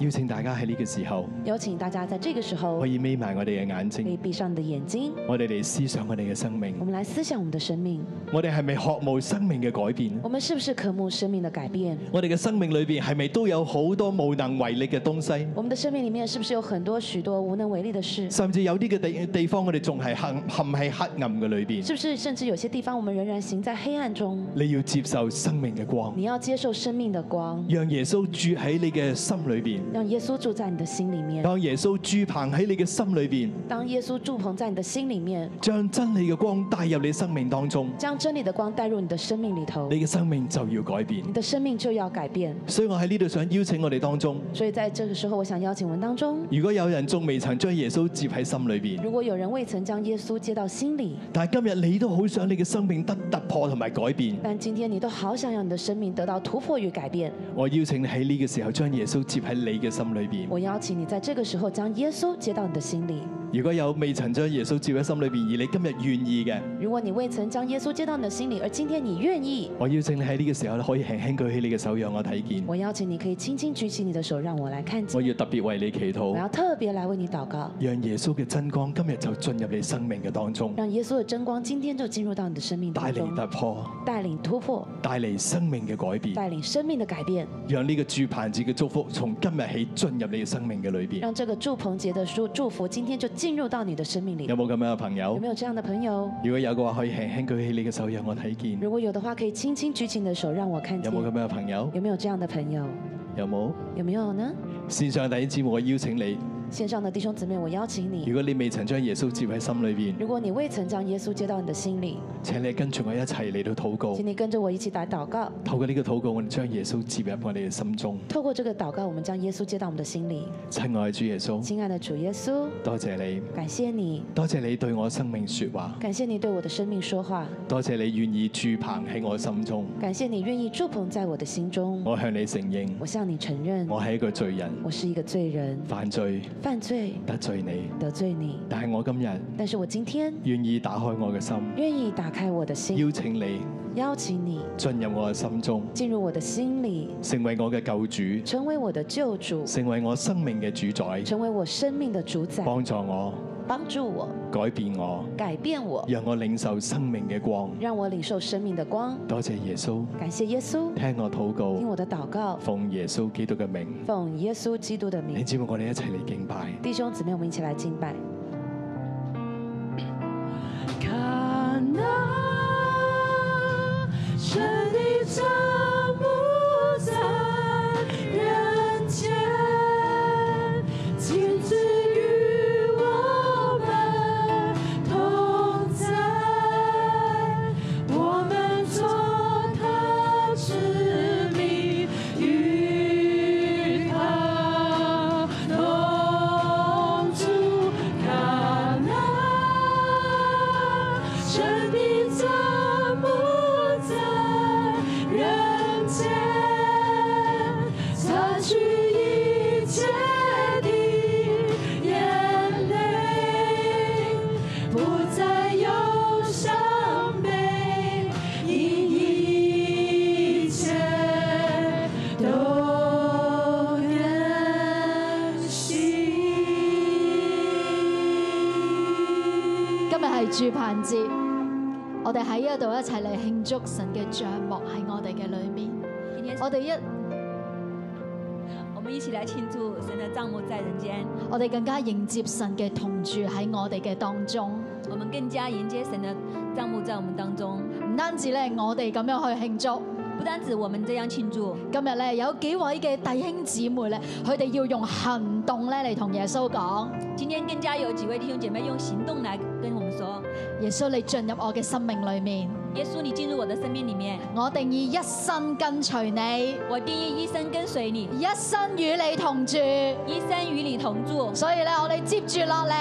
邀請大家喺呢個時候，有請大家在這個時候可以眯埋我哋嘅眼睛，可以閉上你嘅眼睛，我哋嚟思想我哋嘅生命，我們嚟思想我們的生命，我哋係咪渴望生命嘅改變？我哋係咪渴望生命嘅改變？我哋嘅生命裏邊係咪都有好多無能為力嘅東西？我哋嘅生命裏面係咪有很多許多無能為力嘅事？甚至有啲嘅地地方我，我哋仲係陷陷喺黑暗嘅裏邊？是不是甚至有些地方，我們仍然行在黑暗中？你要接受生命嘅光，你要接受生命嘅光，讓耶穌住喺你嘅心裏邊。讓耶穌住在你的心裏面，當耶穌住棚喺你嘅心裏邊，當耶穌住棚在你嘅心裏面，將真理嘅光帶入你的生命當中，將真理嘅光帶入你的生命裏頭，你嘅生命就要改變，你的生命就要改變。改變，所以我喺呢度想邀請我哋當中，所以在呢個時候我想邀請我們當中，當中如果有人仲未曾將耶穌接喺心裏邊，如果有人未曾將耶穌接到心裏，但係今日你都好想你嘅生命得突，突破同埋改變，但今天你都好想要你嘅生命得到突破與改變，我邀請你喺呢個時候將耶穌接喺你。嘅心裏邊，我邀請你在這個時候將耶穌接到你的心裏。如果有未曾將耶穌接喺心裏邊而你今日願意嘅，如果你未曾將耶穌接到你的心裏而今天你願意，我邀請你喺呢個時候可以輕輕舉起你嘅手讓我睇見。我邀請你可以輕輕舉起你的手讓我來看見。我要特別為你祈禱，我要特別來為你禱告，讓耶穌嘅真光今日就進入你生命嘅當中。讓耶穌嘅真光今天就進入到你的生命的當中。帶領突破，帶領突破，帶嚟生命嘅改變，帶領生命的改變，讓呢個住棚子嘅祝福從今日。起進入你嘅生命嘅裏邊，讓這個住棚節的祝祝福，今天就進入到你的生命裡。有冇咁樣嘅朋友？有冇有這樣的朋友？如果有嘅話，可以輕輕舉起你嘅手，讓我睇見。如果有的話，可以輕輕舉起你嘅手，手，讓我看見。有冇咁樣嘅朋友？有冇有這樣的朋友？有冇？有冇？有，有呢？線上弟兄姊妹，我邀請你。線上的弟兄姊妹，我邀請你。如果你未曾將耶穌接喺心裏邊，如果你未曾將耶穌接到你的心裏，請你跟住我一齊嚟到禱告。請你跟住我一起打禱告。透過呢個禱告，我哋將耶穌接入我哋嘅心中。透過這個禱告，我們將耶穌接到我們嘅心裏。親愛嘅主耶穌，親愛的主耶穌，多謝你，感謝你，多謝你對我生命說話，感謝你對我嘅生命說話，多謝你願意觸碰喺我心中，感謝你願意觸碰在我的心中。我向你承認，我向你承認，我係一個罪人，我是一個罪人，犯罪。犯罪，得罪你，得罪你，罪你但係我今日，但是我今天願意打開我嘅心，願意打開我嘅心，邀請你邀請你進入我嘅心中，進入我嘅心裏，成為我嘅救主，成為我嘅救主，成為我生命嘅主宰，成為我生命嘅主宰，幫助我。幫助我，改變我，改變我，讓我領受生命嘅光，讓我領受生命的光，命的光。多謝耶穌，感謝耶穌，聽我禱告，聽我的禱告。奉耶穌基督嘅名，奉耶穌基督的名，督的名。你知唔知，我哋一齊嚟敬拜，弟兄姊妹，我哋一齊嚟敬拜。主住棚節，我哋喺呢一度一齊嚟慶祝神嘅帳幕喺我哋嘅裏面。我哋一，我們一起來慶祝神嘅帳幕在人間。我哋更加迎接神嘅同住喺我哋嘅當中。我們更加迎接神嘅帳幕在我們當中。唔單止咧，我哋咁樣去慶祝，不單止我們這樣慶祝。祝今日咧，有幾位嘅弟兄姊妹咧，佢哋要用行動咧嚟同耶穌講。今天更加有幾位弟兄姐妹用行動嚟跟我們說。耶穌，你進入我嘅生命裏面。耶穌，你進入我的生命裏面。我，裏面我定意一生跟隨你。我定意一生跟隨你。一生與你同住。一生與你同住。所以咧，我哋接住落嚟。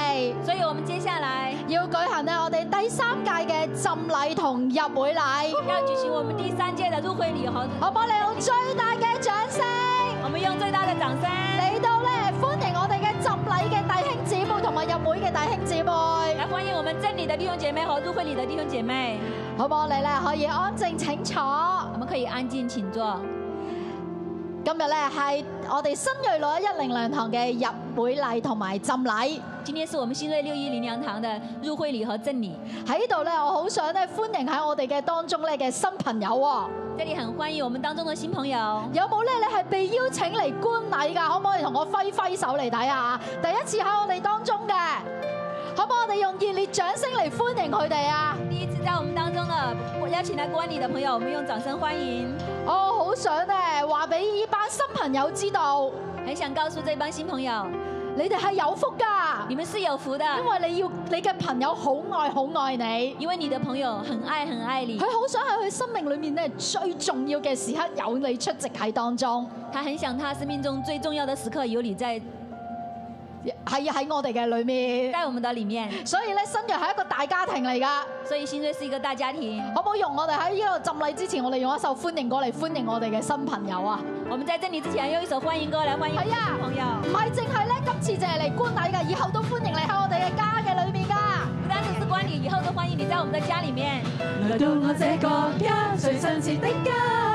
所以我們接下來要舉行咧，我哋第三屆嘅浸禮同入會禮。要舉行我們第三屆的入會禮和。我幫你用最大嘅掌聲。我們用最大的掌聲。嚟到咧，歡迎。大兄姐妹，來歡迎我們浸禮的弟兄姐妹和入會禮的弟兄姐妹，好唔好？嚟咧，可以安靜請坐，我們可以安靜請坐。今日咧係我哋新銳六一一靈糧堂嘅入會禮同埋浸禮。今天是我們新銳六一一靈糧堂嘅入會禮和浸禮。喺呢度咧，我好想咧歡迎喺我哋嘅當中咧嘅新朋友。這裏很歡迎我們當中嘅新朋友。有冇咧？你係被邀請嚟觀禮噶？好。同我揮揮手嚟睇下，第一次喺我哋當中嘅，可唔可以我哋用熱烈掌聲嚟歡迎佢哋啊？第一次喺我哋當中啦，我邀請啲觀禮嘅朋友，我們用掌聲歡迎。我好、oh, 想咧話俾依班新朋友知道，很想告訴這班新朋友。你哋係有福㗎，你們是有福的，因為你要你嘅朋友好愛好愛你，因為你的朋友很愛很愛你，佢好想喺佢生命裏面呢最重要嘅時刻有你出席喺當中，他很想他生命中最重要的時刻有你在。喺喺我哋嘅裏面，喺我們嘅裏面，所以咧，新人係一個大家庭嚟噶，所以先至是一個大家庭。可唔好用我哋喺呢度浸禮之前，我哋用一首歡迎歌嚟歡迎我哋嘅新朋友啊！我哋知 j e n 之前係用呢首歡迎歌嚟歡迎係啊朋友，唔係淨係咧，今次淨係嚟觀禮嘅，以後都歡迎嚟喺我哋嘅家嘅裏面噶。唔單止是觀禮，以後都歡迎你喺我們嘅家裏面不是關你。來到我這個家，最親切的家。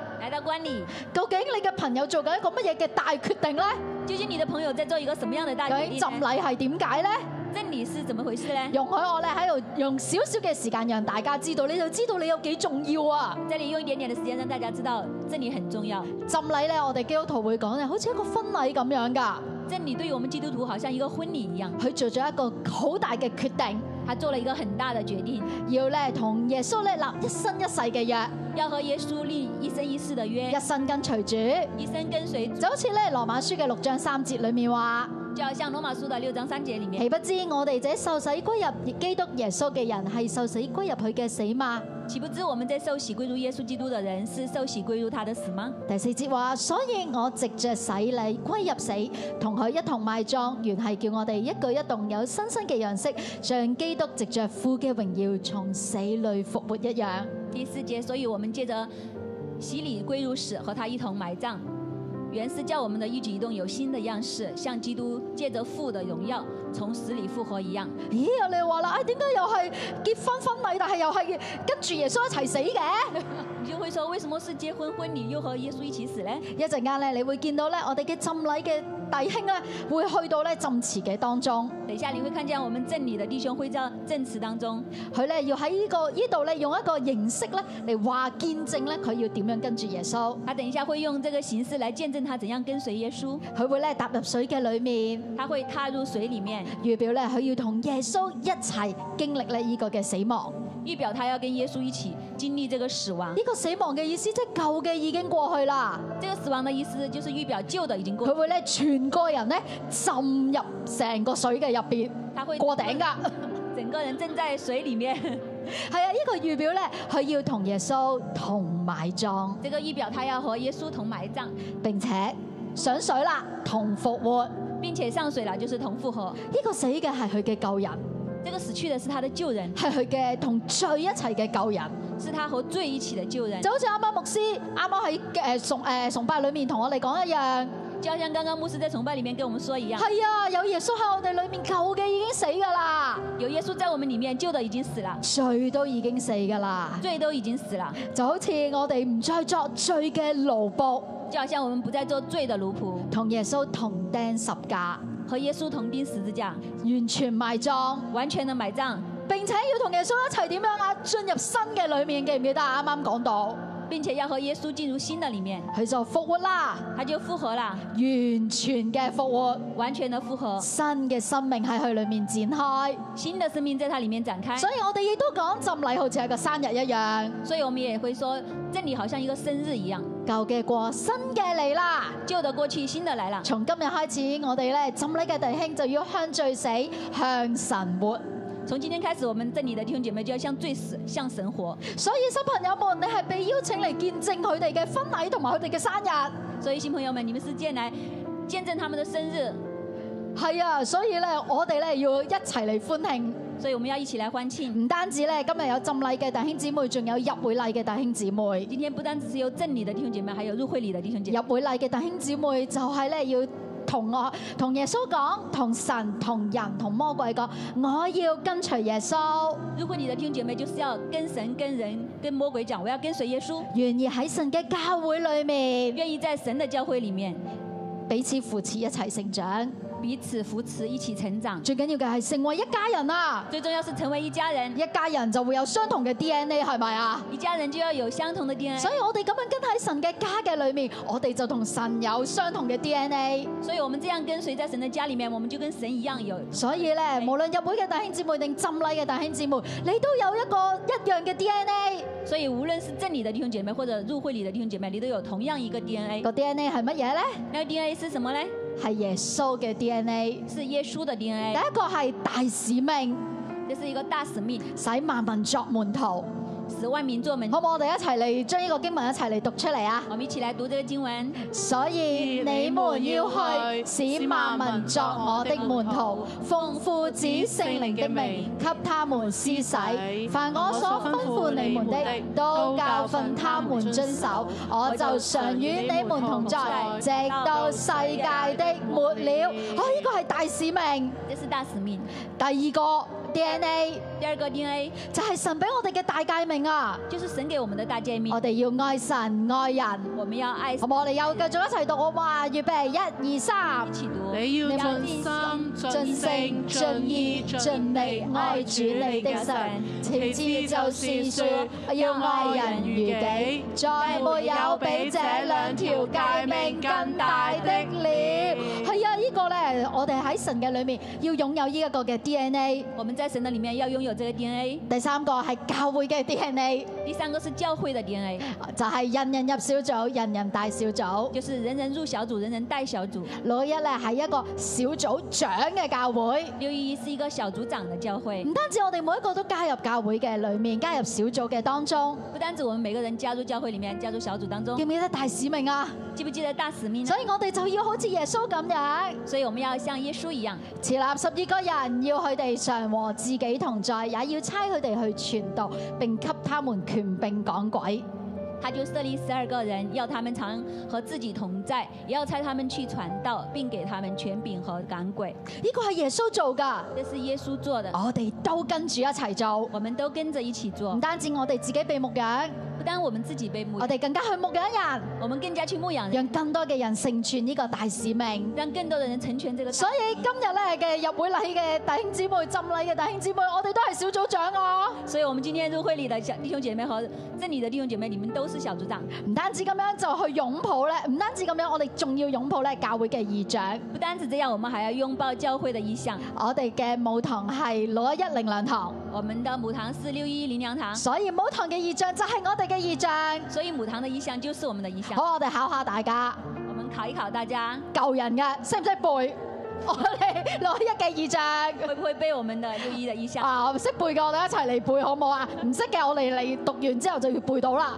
來到婚禮，關究竟你嘅朋友做緊一個乜嘢嘅大決定咧？究竟你嘅朋友在做一個什麼樣嘅大決定？浸禮係點解咧？這裏是怎麼回事咧？容許我咧喺度用少少嘅時間讓大家知道，你就知道你有幾重要啊！即係你用一點點嘅時間讓大家知道，這裏很重要。浸禮咧，我哋基督徒會講咧，好似一個婚禮咁樣噶。這裏對於我們基督徒，好像一個婚禮一樣，佢做咗一個好大嘅決定，佢做了一個很大嘅決定，要咧同耶穌咧立一生一世嘅約。要和耶穌立一生一世的約，一生跟隨主，一生跟隨主，就好似咧羅馬書嘅六章三節裏面話，就好像羅馬書的六章三節裡，裏面，豈不知我哋這受死歸入基督耶穌嘅人，係受死歸入佢嘅死嗎？豈不知我們這受死歸入耶穌基督的人，是受死歸入他的死嗎？第四節話，所以我藉着洗禮歸入死，同佢一同埋葬，原係叫我哋一舉一動有新生嘅樣式，像基督藉着父嘅榮耀從死裏復活一樣。第四節，所以我們借着洗禮歸入死，和他一同埋葬。原是叫我們的一舉一動有新的樣式，像基督借着父的榮耀從死裏復活一樣。咦，你話啦，啊、哎，點解又係結婚婚禮，但係又係跟住耶穌一齊死嘅？你就會說，為什麼是結婚婚禮又和耶穌一起死咧？一陣間咧，你會見到咧，我哋嘅浸禮嘅。弟兄咧會去到咧浸池嘅當中，等一下你會看見我們證理的弟兄會在浸池當中，佢咧要喺、這個、呢個呢度咧用一個形式咧嚟話見證咧佢要點樣跟住耶穌，他等一下會用這個形式嚟見證他怎樣跟隨耶穌，佢會咧踏入水嘅裏面，他會踏入水裏面，預表咧佢要同耶穌一齊經歷咧呢、這個嘅死亡。預表他要跟耶穌一起經歷這個死亡，呢個死亡的意思即係舊嘅已經過去啦。呢個死亡嘅意思就是預表舊的已經過去了。他會呢全個人咧浸入整個水的入邊。他會過頂噶，整個人浸在水裏面。 係啊，這個預表呢他要同耶穌同埋葬。這個預表他要和耶穌同埋葬，並且上水啦，同復活，並且上水啦就是同復活。這個死的是他的舊人。這個死去的是他的舊人，係佢嘅同罪一齊嘅舊人，是他和罪一起的舊人。就好似啱啱牧師啱啱喺誒崇誒崇拜裏面同我哋講一樣，就好像剛剛牧師在崇拜裏面跟我們說一樣。係啊，有耶穌喺我哋裏面舊嘅已經死噶啦，有耶穌在我們裏面舊嘅已，已經死了，罪都已經死噶啦，罪都已經死了。就好似我哋唔再作罪嘅奴僕，就好像我們不再做罪嘅奴僕，耶穌同耶穌同釘十架。和耶穌同釘十字架，完全埋葬，完全能埋葬。並且要同耶穌一齊點樣啊？進入新嘅裏面，記唔記得啊？啱啱講到。並且要和耶穌進、啊、入新嘅裡面。佢就復活啦，佢就復活啦。完全嘅復活，完全能復活。新嘅生命喺佢裏面展開，新嘅生命在佢裡面展開。展開，所以我哋亦都講，浸禮好似一個生日一樣。所以我們也會說，即係你好像一個生日一樣。舊嘅過，新嘅嚟啦，舊嘅過去，新嘅嚟啦。從今日開始，我哋咧浸禮嘅弟兄就要向罪死，向神活。從今天開始，我們這裏嘅弟兄姐妹就要向罪死，向神活。所以新朋友們，你係被邀請嚟見證佢哋嘅婚禮同埋佢哋嘅生日。所以新朋友們，你們是見嚟見證他們嘅生日。係啊，所以咧，我哋咧要一齊嚟歡慶。所以我們要一起來歡慶。唔單止呢，今日有浸禮嘅弟兄姊妹，仲有入會禮嘅弟兄姊妹。今天不單只是有浸禮的弟兄姊妹，還有入會禮的弟兄姊妹。入會禮嘅弟兄姊妹就係呢：要同我、同耶穌講、同神、同人、同魔鬼講，我要跟隨耶穌。入會禮的弟兄姊妹就是要跟神、跟人、跟魔鬼講，我要跟隨耶穌。願意喺神嘅教會裏面，願意在神的教會裡面彼此扶持，一齊成長。彼此扶持，一起成長。最緊要嘅係成為一家人啊！最重要是成為一家人。一家人就會有相同嘅 DNA，係咪啊？一家人就要有相同的 DNA。所以我哋咁樣跟喺神嘅家嘅裏面，我哋就同神有相同嘅 DNA。所以我們這樣跟隨在神嘅家裏面，我們就跟神一樣有。所以咧，無論日本嘅弟兄姊妹定浸禮嘅弟兄姊妹，你都有一個一樣嘅 DNA。所以無論是真理嘅弟兄姐妹或者入會裏嘅弟兄姐妹，你都有同樣一個 DNA。個 DNA 係乜嘢咧？個 DNA 是什麼咧？係耶穌嘅 DNA，是耶穌的 DNA。的第一個係大使命，這是一個大使命，使萬民作門徒。為民作民，好唔好我哋一齊嚟將呢個經文一齊嚟讀出嚟啊？我們一起嚟讀呢個經文。所以你們要去使萬民作我的門徒，奉父子聖靈的名給他們施洗。凡我所吩咐你們的，都教訓他們遵守。我就常與你們同在，直到世界的末了。哦，呢個係大使命。這是大使命。第二個 DNA。第二個 DNA 就係神俾我哋嘅大誡命啊，就是神給我們的大誡命。我哋要愛神愛人。我們要愛。好，我哋又繼續一齊讀。我話預備一二三，你要盡心、盡性、盡意、盡力愛主你的神。前志就是說要愛人如己，再沒有，有比這兩條誡命更大的了。我哋喺神嘅裏面要擁有呢一個嘅 DNA，我們在神嘅裏面要擁有這個 DNA。第三個係教會嘅 DNA，第三個是教會的 DNA，就係人人入小組，人人帶小組，就是人人入小組，人人帶小組。611咧係一個小組長嘅教會，611是一個小組長嘅教會。唔單止我哋每一個都加入教會嘅裏面，加入小組嘅當中，不單止我們每個人加入教會裏面，加入小組當中，記唔記得大使命啊？記不記得大使命？所以我哋就要好似耶穌咁樣，所以我要像耶穌一樣，設立十二個人，要佢哋常和自己同在，也要差佢哋去傳道，並給他們權柄趕鬼。他就設立十二個人，要他們常和自己同在，也要差他們去傳道，並給他們權柄和趕鬼。呢個係耶穌做㗎，這是耶穌做的。我哋都跟住一齊做，我們都跟着一起做。唔單止我哋自己被牧養，不單我們自己被牧養，我哋更加去牧養人，我們更加去牧養人，讓更多嘅人成全呢個大使命，讓更多嘅人成全這個。所以今日呢嘅入會禮嘅弟兄姊妹、浸禮嘅弟兄姊妹，我哋都係小組長哦。所以我們今天入會裏的弟兄姐妹和這裏嘅弟兄姐妹，你們都。是小組長，唔單止咁樣就去擁抱咧，唔單止咁樣，我哋仲要擁抱咧教會嘅異象。不單止這樣，我們還要擁抱教會的異象。我哋嘅母堂係六一靈糧堂，我們的母堂是六一靈糧堂。所以母堂嘅異象就係我哋嘅異象，所以母堂嘅異象就是我們的異象。好，我哋考下大家，我們考一考大家，舊人嘅識唔識背？我哋六一嘅異象，會不會背我們的六一的異象？啊，唔識背嘅，我哋一齊嚟背，好唔好啊？唔識嘅，我哋嚟讀完之後就要背到啦。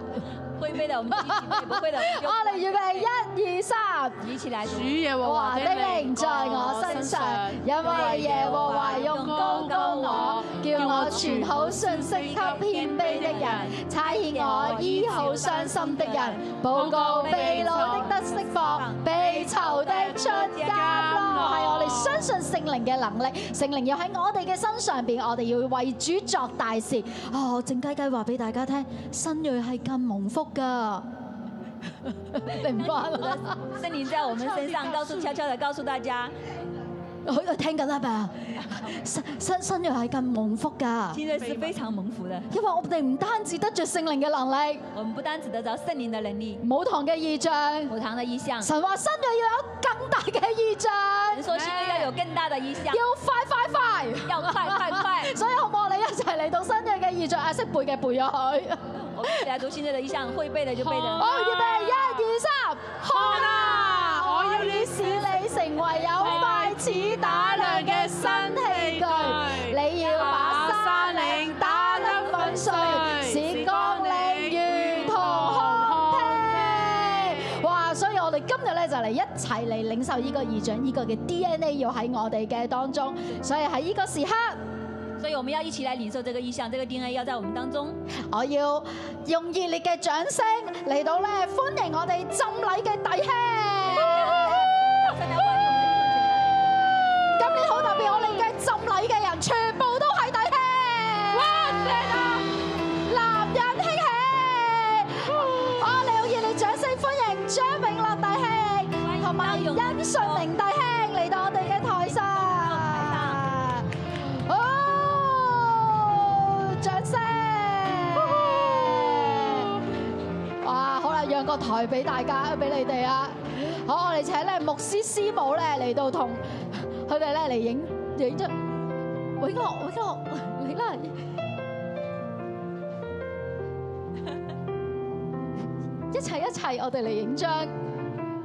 我哋預備一、二、三，以前係主耶和華，華的靈在我身上，因為耶和華用膏膏我，叫我傳好信息給謙卑的人，差遣我醫好傷心的人，報告被擄的得釋放，被囚的出家。係我哋相信聖靈嘅能力，聖靈又喺我哋嘅身上邊，我哋要為主作大事。啊，靜雞雞話俾大家聽，新銳係咁蒙福噶。明白啦，聖靈在我們身上，告訴悄悄的告訴大家。佢聽緊啦，嘛 Yeah, okay.，新新新約係咁蒙福㗎，現在是非常蒙福的，因為我哋唔單止得着聖靈嘅能力，我哋唔單止得咗聖靈嘅能力，母堂嘅異象，母堂嘅異象，神話新約要有更大嘅異象，你所現在要有更大嘅異象，要快快快，要快快快，所以好唔好？你一齊嚟到新約嘅異象啊，識背嘅背入去，嚟讀現在嘅異象，會背你就背啦，1, 2, 3, 好，預備一二三，好啦。我要使你成為有快齒打量嘅新器具，你要把山嶺打得粉碎，使光陵如同空戲。哇！所以我哋今日咧就嚟一齊嚟領受呢個異象，依個嘅 DNA 要喺我哋嘅當中，所以喺呢個時刻。所以我們要一起來領受這個異象。這個 DNA 要在我們當中。我要用熱烈嘅掌聲嚟到咧歡迎我哋浸禮嘅弟兄。今年好特別，我哋嘅浸禮嘅人全部都係弟、弟兄。哇塞啊！男人興起，我哋用熱烈掌聲歡迎張永樂弟兄同埋殷順明弟兄嚟到我哋嘅台上。掌聲！哇，好啦，讓個台俾大家，俾你哋啊！好，我哋請咧牧師師母咧嚟到同佢哋咧嚟影影張。偉樂，偉樂，嚟啦！一齊一齊，我哋嚟影張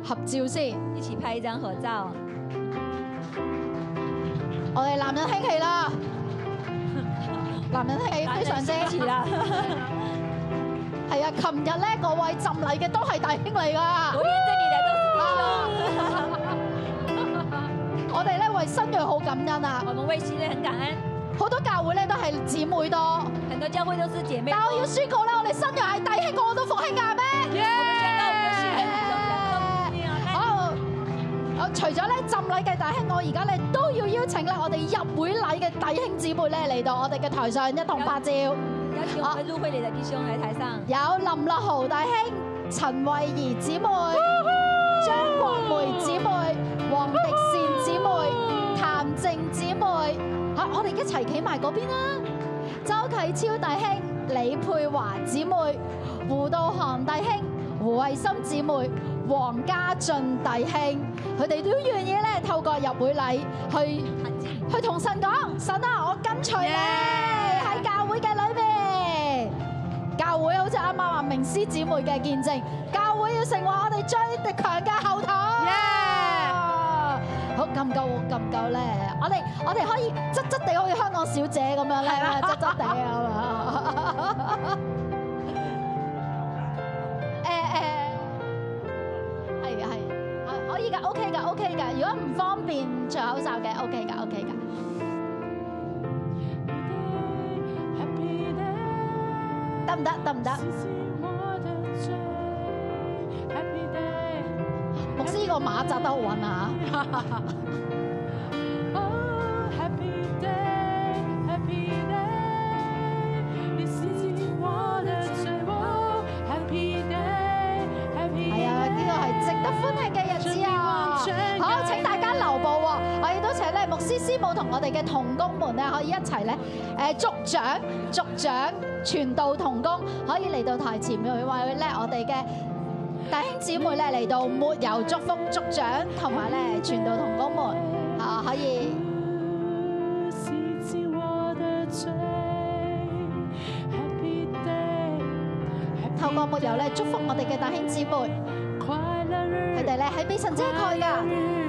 合照先，一起拍一張合照。我哋男人興起啦！男人聽氣非常奢侈啦，係啊！琴日咧，各位浸禮嘅都係弟兄嚟噶，我哋咧為新人好感恩啊！我們為新人很感恩，好多教會咧都係姊妹多，很多教會都是姐妹。但我要宣告啦，我哋新人係弟兄，我都服氣啊咩？除咗咧浸禮嘅弟兄，我而家咧都要邀請咧我哋入會禮嘅弟兄姊妹咧嚟到我哋嘅台上一同拍照，啊。有林立豪弟兄喺陳慧怡姊妹、張、哦、國梅姊妹、黃、哦、迪善姊妹、譚靜姊妹，嚇、哦啊、我哋一齊企埋嗰邊啦。周啟超弟兄、李佩華姊妹、胡道行弟兄、胡慧心姊妹。王家俊弟兄，佢哋都願意咧透過入會禮去去同神講，神啊，我跟隨你喺教會嘅裏面。教會好似啱啱話明師姊妹嘅見證，教會要成為我哋最強嘅後台。好咁夠咁夠咧，我哋我哋可以質質地好似香港小姐咁樣咧，質質地啊嘛。依家 OK 噶，OK 噶。如果唔方便除口罩嘅，OK 噶，OK 噶。得唔得？得唔得？行行行行牧師呢個馬扎得好穩啊！ 師師母同我哋嘅同工們咧，可以一齊咧，誒祝賀祝賀，傳道同工可以嚟到台前，同埋咧我哋嘅弟兄姊妹咧嚟到抹油祝福，祝賀同埋咧傳道同工們啊可以透過抹油咧祝福我哋嘅弟兄姊妹，佢哋咧係畀神遮蓋㗎。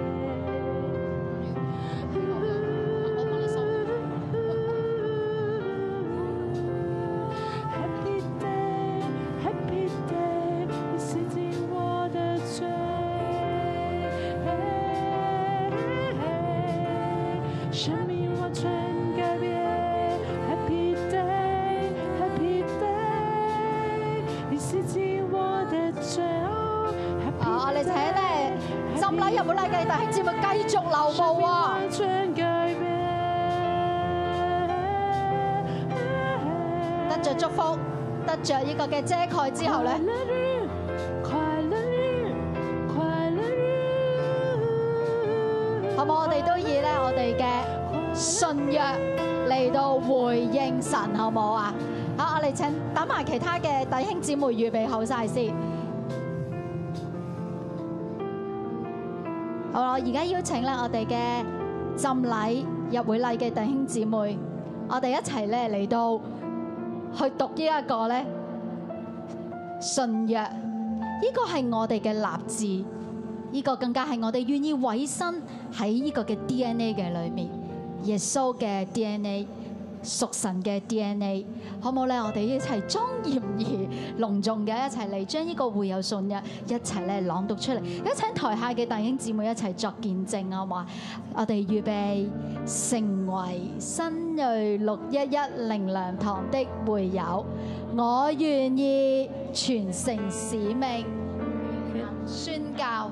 好啦，弟兄姊妹繼續留步喎，得着祝福，得着呢個嘅遮蓋之後咧，好冇？我哋都以咧我哋嘅信約嚟到回應神，好冇啊？好，我哋請等埋其他嘅弟兄姊妹預備好晒先。而家邀請咧，我哋嘅浸禮入會禮嘅弟兄姊妹我，我哋一齊咧嚟到去讀呢一個咧信約，呢個係我哋嘅立志，呢個更加係我哋願意委身喺呢個嘅 DNA 嘅裏面，耶穌嘅 DNA。屬神嘅 DNA，好唔好咧？我哋一齊莊嚴而隆重嘅一齊嚟將呢個會友信約一齊咧朗讀出嚟，有請台下嘅弟兄姊妹一齊作見證啊！話我哋預備成為新銳六一一靈糧堂的會友，我願意傳承使命宣教。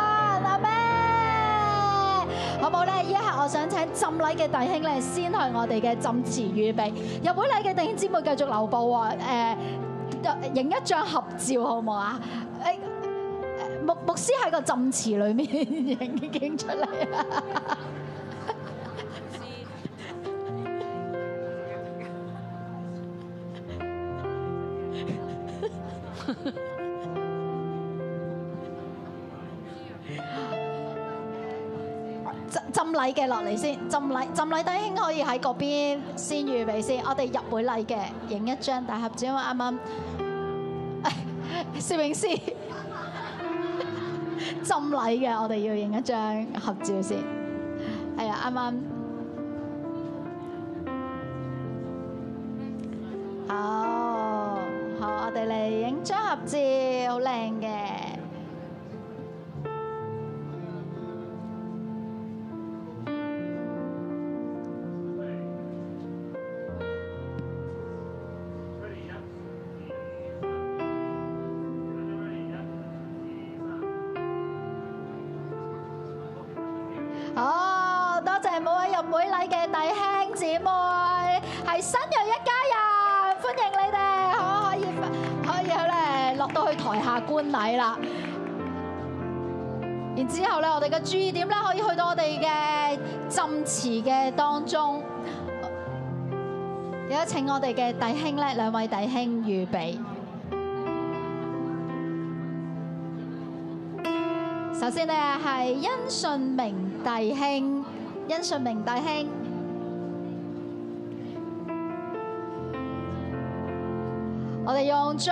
好咧，依一刻我想請浸禮嘅弟兄咧，先去我哋嘅浸池預備。入會禮嘅弟兄姊妹繼續留步喎。誒、呃，影一張合照好唔好啊、哎？牧牧師喺個浸池裏面影影出嚟啊！禮嘅落嚟先，浸禮浸禮，弟兄可以喺嗰邊先預備先。我哋入會禮嘅，影一張大合照啊。啱啱攝影師浸禮嘅，我哋要影一張合照先。係啊，啱啱好好，我哋嚟影張合照，好靚嘅。禮啦，然之後咧，我哋嘅注意點咧，可以去到我哋嘅浸池嘅當中，而家請我哋嘅弟兄咧，兩位弟兄預備。首先呢，係殷順明弟兄，殷順明弟兄，我哋用最。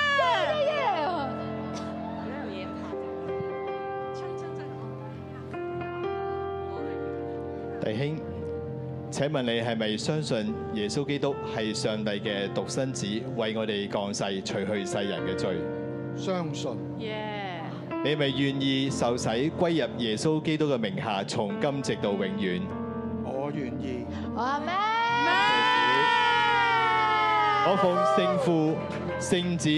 請問你係咪相信耶穌基督係上帝嘅獨生子，為我哋降世，除去世人嘅罪？相信。耶。你咪願意受洗歸入耶穌基督嘅名下，從今直到永遠？我願意。阿門。我奉聖父、聖子、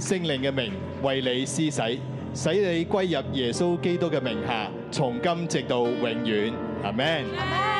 聖靈嘅名，為你施洗，使你歸入耶穌基督嘅名下，從今直到永遠。阿門。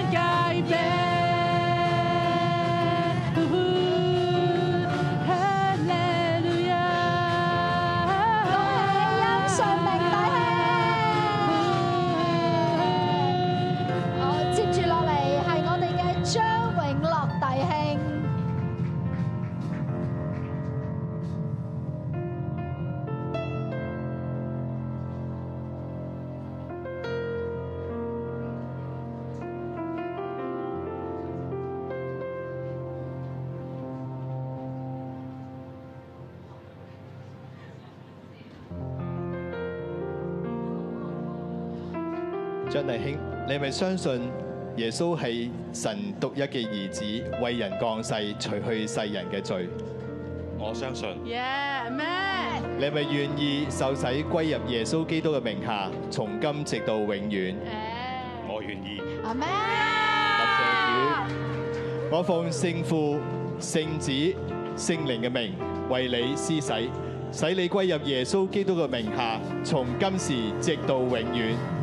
兄，你係咪相信耶穌係神獨一嘅兒子，為人降世，除去世人嘅罪？我相信。耶，阿門。你係咪願意受洗歸入耶穌基督嘅名下，從今直到永遠？Yeah. 我願意。阿門。十字架，我奉聖父、聖子、聖靈嘅名，為你施洗，使你歸入耶穌基督嘅名下，從今時直到永遠。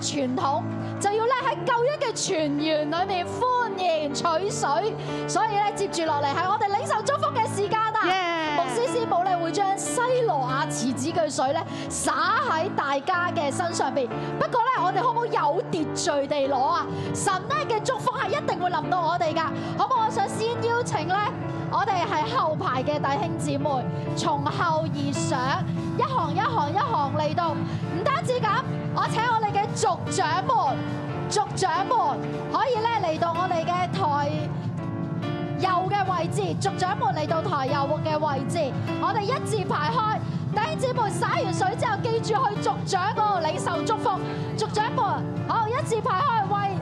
傳統就要咧喺救恩嘅泉源裏面歡迎取水，所以咧接住落嚟係我哋領受祝福嘅時間啦。牧師師母你會將西羅亞池子嘅水咧灑喺大家嘅身上邊，不過咧，我哋可唔可以有秩序地攞啊？神咧嘅祝福係一定會臨到我哋噶。好唔好？我想先邀請咧，我哋係後排嘅弟兄姊妹，從後而上一行一行一行嚟到。唔單止咁，我請。我。族長們，族長們可以咧嚟到我哋嘅台右嘅位置，族長們嚟到台右嘅位置，我哋一字排開。弟兄姊妹灑完水之後，記住去族長嗰度領受祝福。族長們，好，一字排開為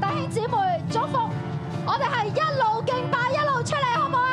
弟兄姊妹祝福。我哋係一路敬拜，一路出嚟，好唔好啊？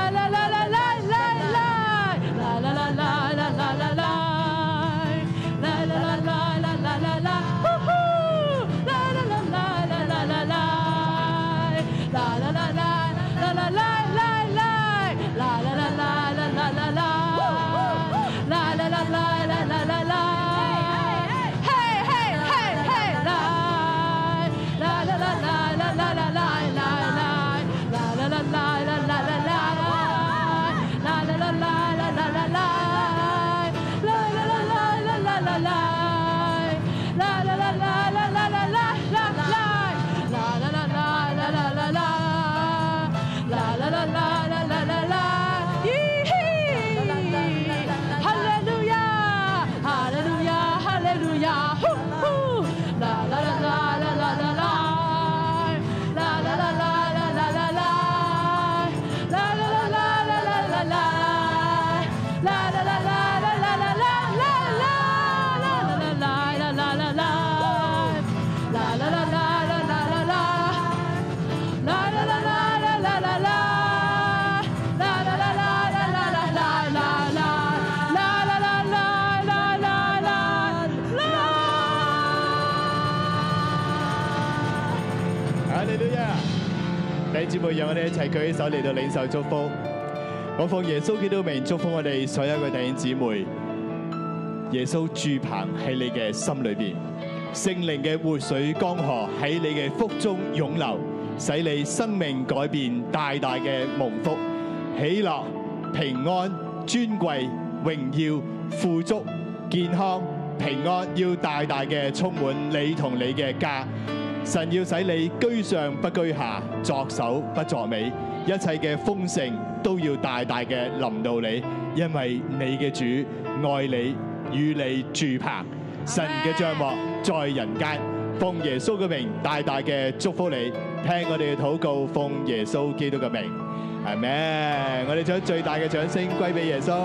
讓我哋一齊舉起手嚟到領受祝福。我奉耶穌基督名祝福我哋所有嘅弟兄姊妹。耶穌住棚喺你嘅心裏邊，聖靈嘅活水江河喺你嘅腹中湧流，使你生命改變大大嘅蒙福、喜樂、平安、尊貴、榮耀、富足、健康、平安，要大大嘅充滿你同你嘅家。神要使你居上不居下，作首不作尾，一切嘅豐盛都要大大嘅臨到你，因為你嘅主愛你與你住棚。神嘅張幕在人間，奉耶穌嘅名大大嘅祝福你，聽我哋嘅禱告，奉耶穌基督嘅名，阿門。我哋將最大嘅掌聲歸俾耶穌。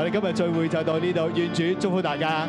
我哋今日聚會就到呢度，願主祝福大家。